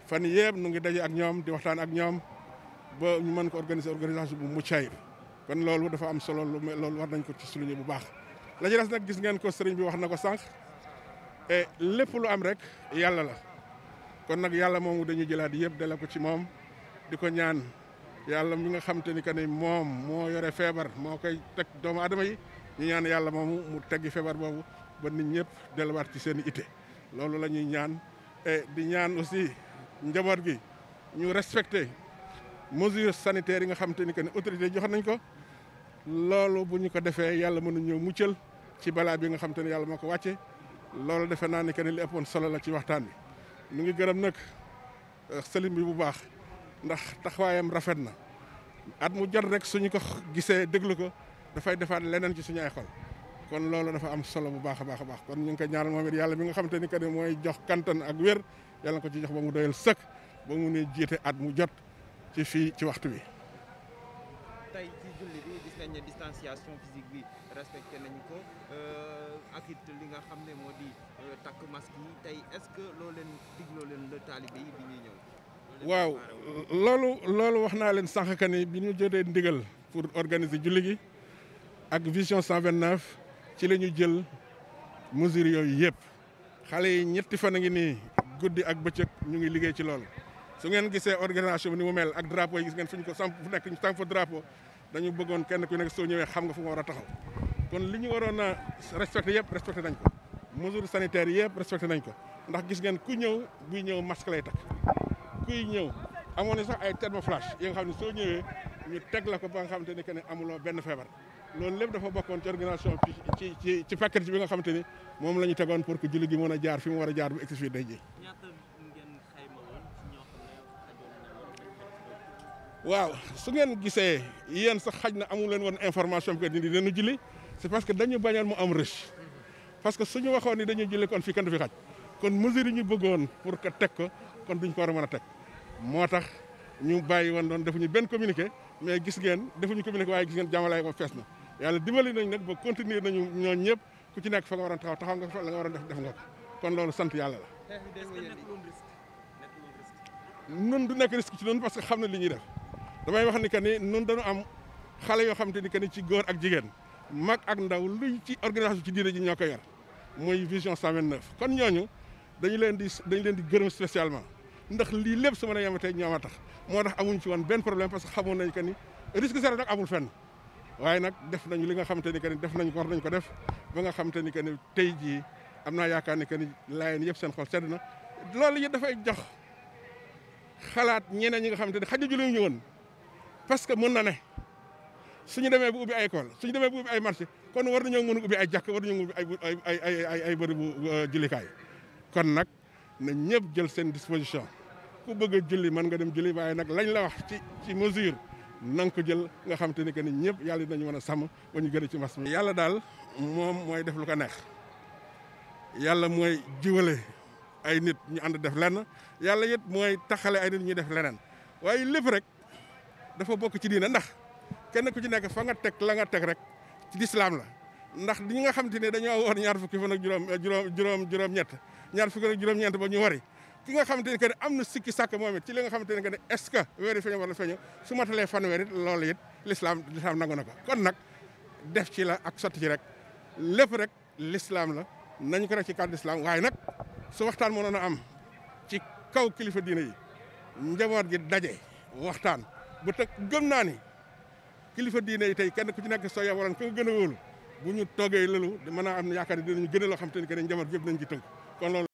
fan yeb nu ngi daje ak ñom di waxtaan ak ñom ba ñu mën ko organiser organisation bu mucc ayib kon loolu dafa am solo loolu war nañ ko ci suñu bu baax la ci nak gis ngeen ko sëriñ bi wax nako sank e lepp lu am rek yalla la kon nag yàlla moomu dañu jëlaat yeb dala ko ci mom diko ñaan yalla mi nga xam te ni que ni moom moo koy tek doomu adama yi ñu ñaan yalla moomu mu teggi fébar bobu ba nit delu wat ci seen ité loolu la ñaan et di ñaan aussi njabot gi ñu respecter mesures sanitaires nga xam te que autorité jox nañ ko loolu buñu ko défé yalla mënu ñëw muccal ci bala bi nga xam te ne yàlla moo ko wàcce loolu que li ëppoon solo la ci waxtaan bi ñu ngi gërëm nak euh, bi bu baax ndax taxwayam rafet na at mu jot rek suñu ko gisé déglu ko fay defaat leneen ci suñu ay xol kon loolu dafa am solo bu baax a baax a baax kon ñu ngi koy ñaanal moom it yàlla mi nga xamante ni que ne mooy jox kantan ak wér yàlla ko ci jox ba mu doyal sëkk ba mu ne jiite at mu jot ci fii ci waxtu bi. tey ci julli bi gis nañ ne distanciation physique bi respecté nañ ko euh, ak it li nga xam ne moo di euh, takk masque yi tey est-ce que loo leen digloo leen la taalibe yi bi ñuy ñëw. waaw loolu loolu wax naa leen sànq que ni bi ñu jotee ndigal pour organiser julli gi ak vision 129 ci la ñu jël mesures yooyu yëpp xale yi ñetti fan a ngi nii guddi ak bëccëg ñu ngi liggéey ci lool su ngeen gisee organisation bi ni mu mel ak drapeau yi gis ngeen fi ñu samp fu nekk ñu samp fa drapeau dañu bëggoon kenn ku nekk soo ñëwee xam nga fu nga war a taxaw kon li ñu waroon a respecté yëpp respecté nañ ko mesures sanitaires yëpp respecté nañ ko ndax gis ngeen ku ñëw buy ñëw masque lay takk kuy ñëw amoon na sax ay thermoflash yi nga xam ne soo ñëwee ñu teg la ko nga xamante ne que amuloo benn feebar loolu lépp dafa bokkoon ci organisation ci ci ci paquet bi nga xamante ni moom la ñu tegoon pour ku julli gi mën a jaar fi mu war a jaar bu egsi waaw su ngeen gisee yéen sax xaj na amu leen woon information bi que ni dinañu julli c'est parce que dañu bañoon mu am rëcc parce que suñu waxoon ni dañuy julli kon fii kenn du fi xaj kon mesure yi ñu bëggoon pour que teg ko kon duñ ko war a mën a teg moo tax ñu bàyyi woon doon defuñu benn communiqué mais gis ngeen defuñu communiqué waaye gis ngeen jàmmalaay ko fees na. yalla dimbali nañ nak ba continuer nañu ñoo ñëpp ku ci nek fa nga waran taxaw taxaw nga fa la nga waroon def def nga kon lolu sante yalla la nun du nek risque ci nun parce que xamna li ñi def damay wax ni que ni nun dañu am xalé yo xamanteni ni que ni ci goor ak jigen mak ak ndaw lu ci organisation ci diine ji ñoko yar moy vision 129 kon ñooñu dañu leen di dañu leen di gërëm spécialement ndax li lepp su mën a yematee ñooma tax motax amuñ ci won ben problème parce que xamoon nañ que ni risque zéro nak amul fenn waaye nag def nañ li nga xamante ni que ni def nañ ko war nañ ko def ba nga xamante ni que ni tey jii am na yaakaar ni que ni laayeen yëpp seen xol sedd na loolu yi dafay jox xalaat ñeneen ñi nga xamante ni xaj a julli ñu woon parce que mën na ne suñu demee bu ubbi ay école suñu demee bu ubbi ay marché kon war nañoo mën a ubbi ay jàkk war nañoo ubbi ay ay ay ay bu bërëbu euh, jullikaay kon nag na ñëpp jël seen disposition ku bëgg a julli mën nga dem julli waaye nag lañ la wax ci ci mesure na nga jël nga xam te ni que ni ñëpp yàlla dinañu mën a sàmm ba ñu gën a ci mbas mi. yàlla daal moom mooy def lu ko neex yàlla mooy jiwale ay nit ñu ànd def lenn yàlla it mooy taxale ay nit ñuy def leneen waaye lépp rek dafa bokk ci diina ndax kenn ku ci nekk fa nga teg la nga teg rek ci lislaam la. ndax ñi nga xam te ne dañoo woor ñaar fukki fan ak juróom juróom juróom-ñett ñaar fukki fan ak juróom-ñeent ba ñu wari ki nga xam ne que ne am na sikki sàkk moom it ci li nga xamante ne que ne est-ce que weeri feeñoo wala feeñoo su matalee fanweer it loolu it l'islam l'islam nangu na ko kon nag def ci la ak sotti ci rek lépp rek lislaam la nañ ko rek ci cadre l'islam waaye nag su waxtaan mënoon a am ci kaw kilifa diine yi njaboot gi daje waxtaan bu teg gëm naa ni kilifa diine yi tey kenn ku ci nekk soo yow waroon ku nga gën a wóolu bu ñu toogee loolu mën a am yaakaar ne dinañu gën loo xamante ne que ne njaboot gi yëpp nañ ci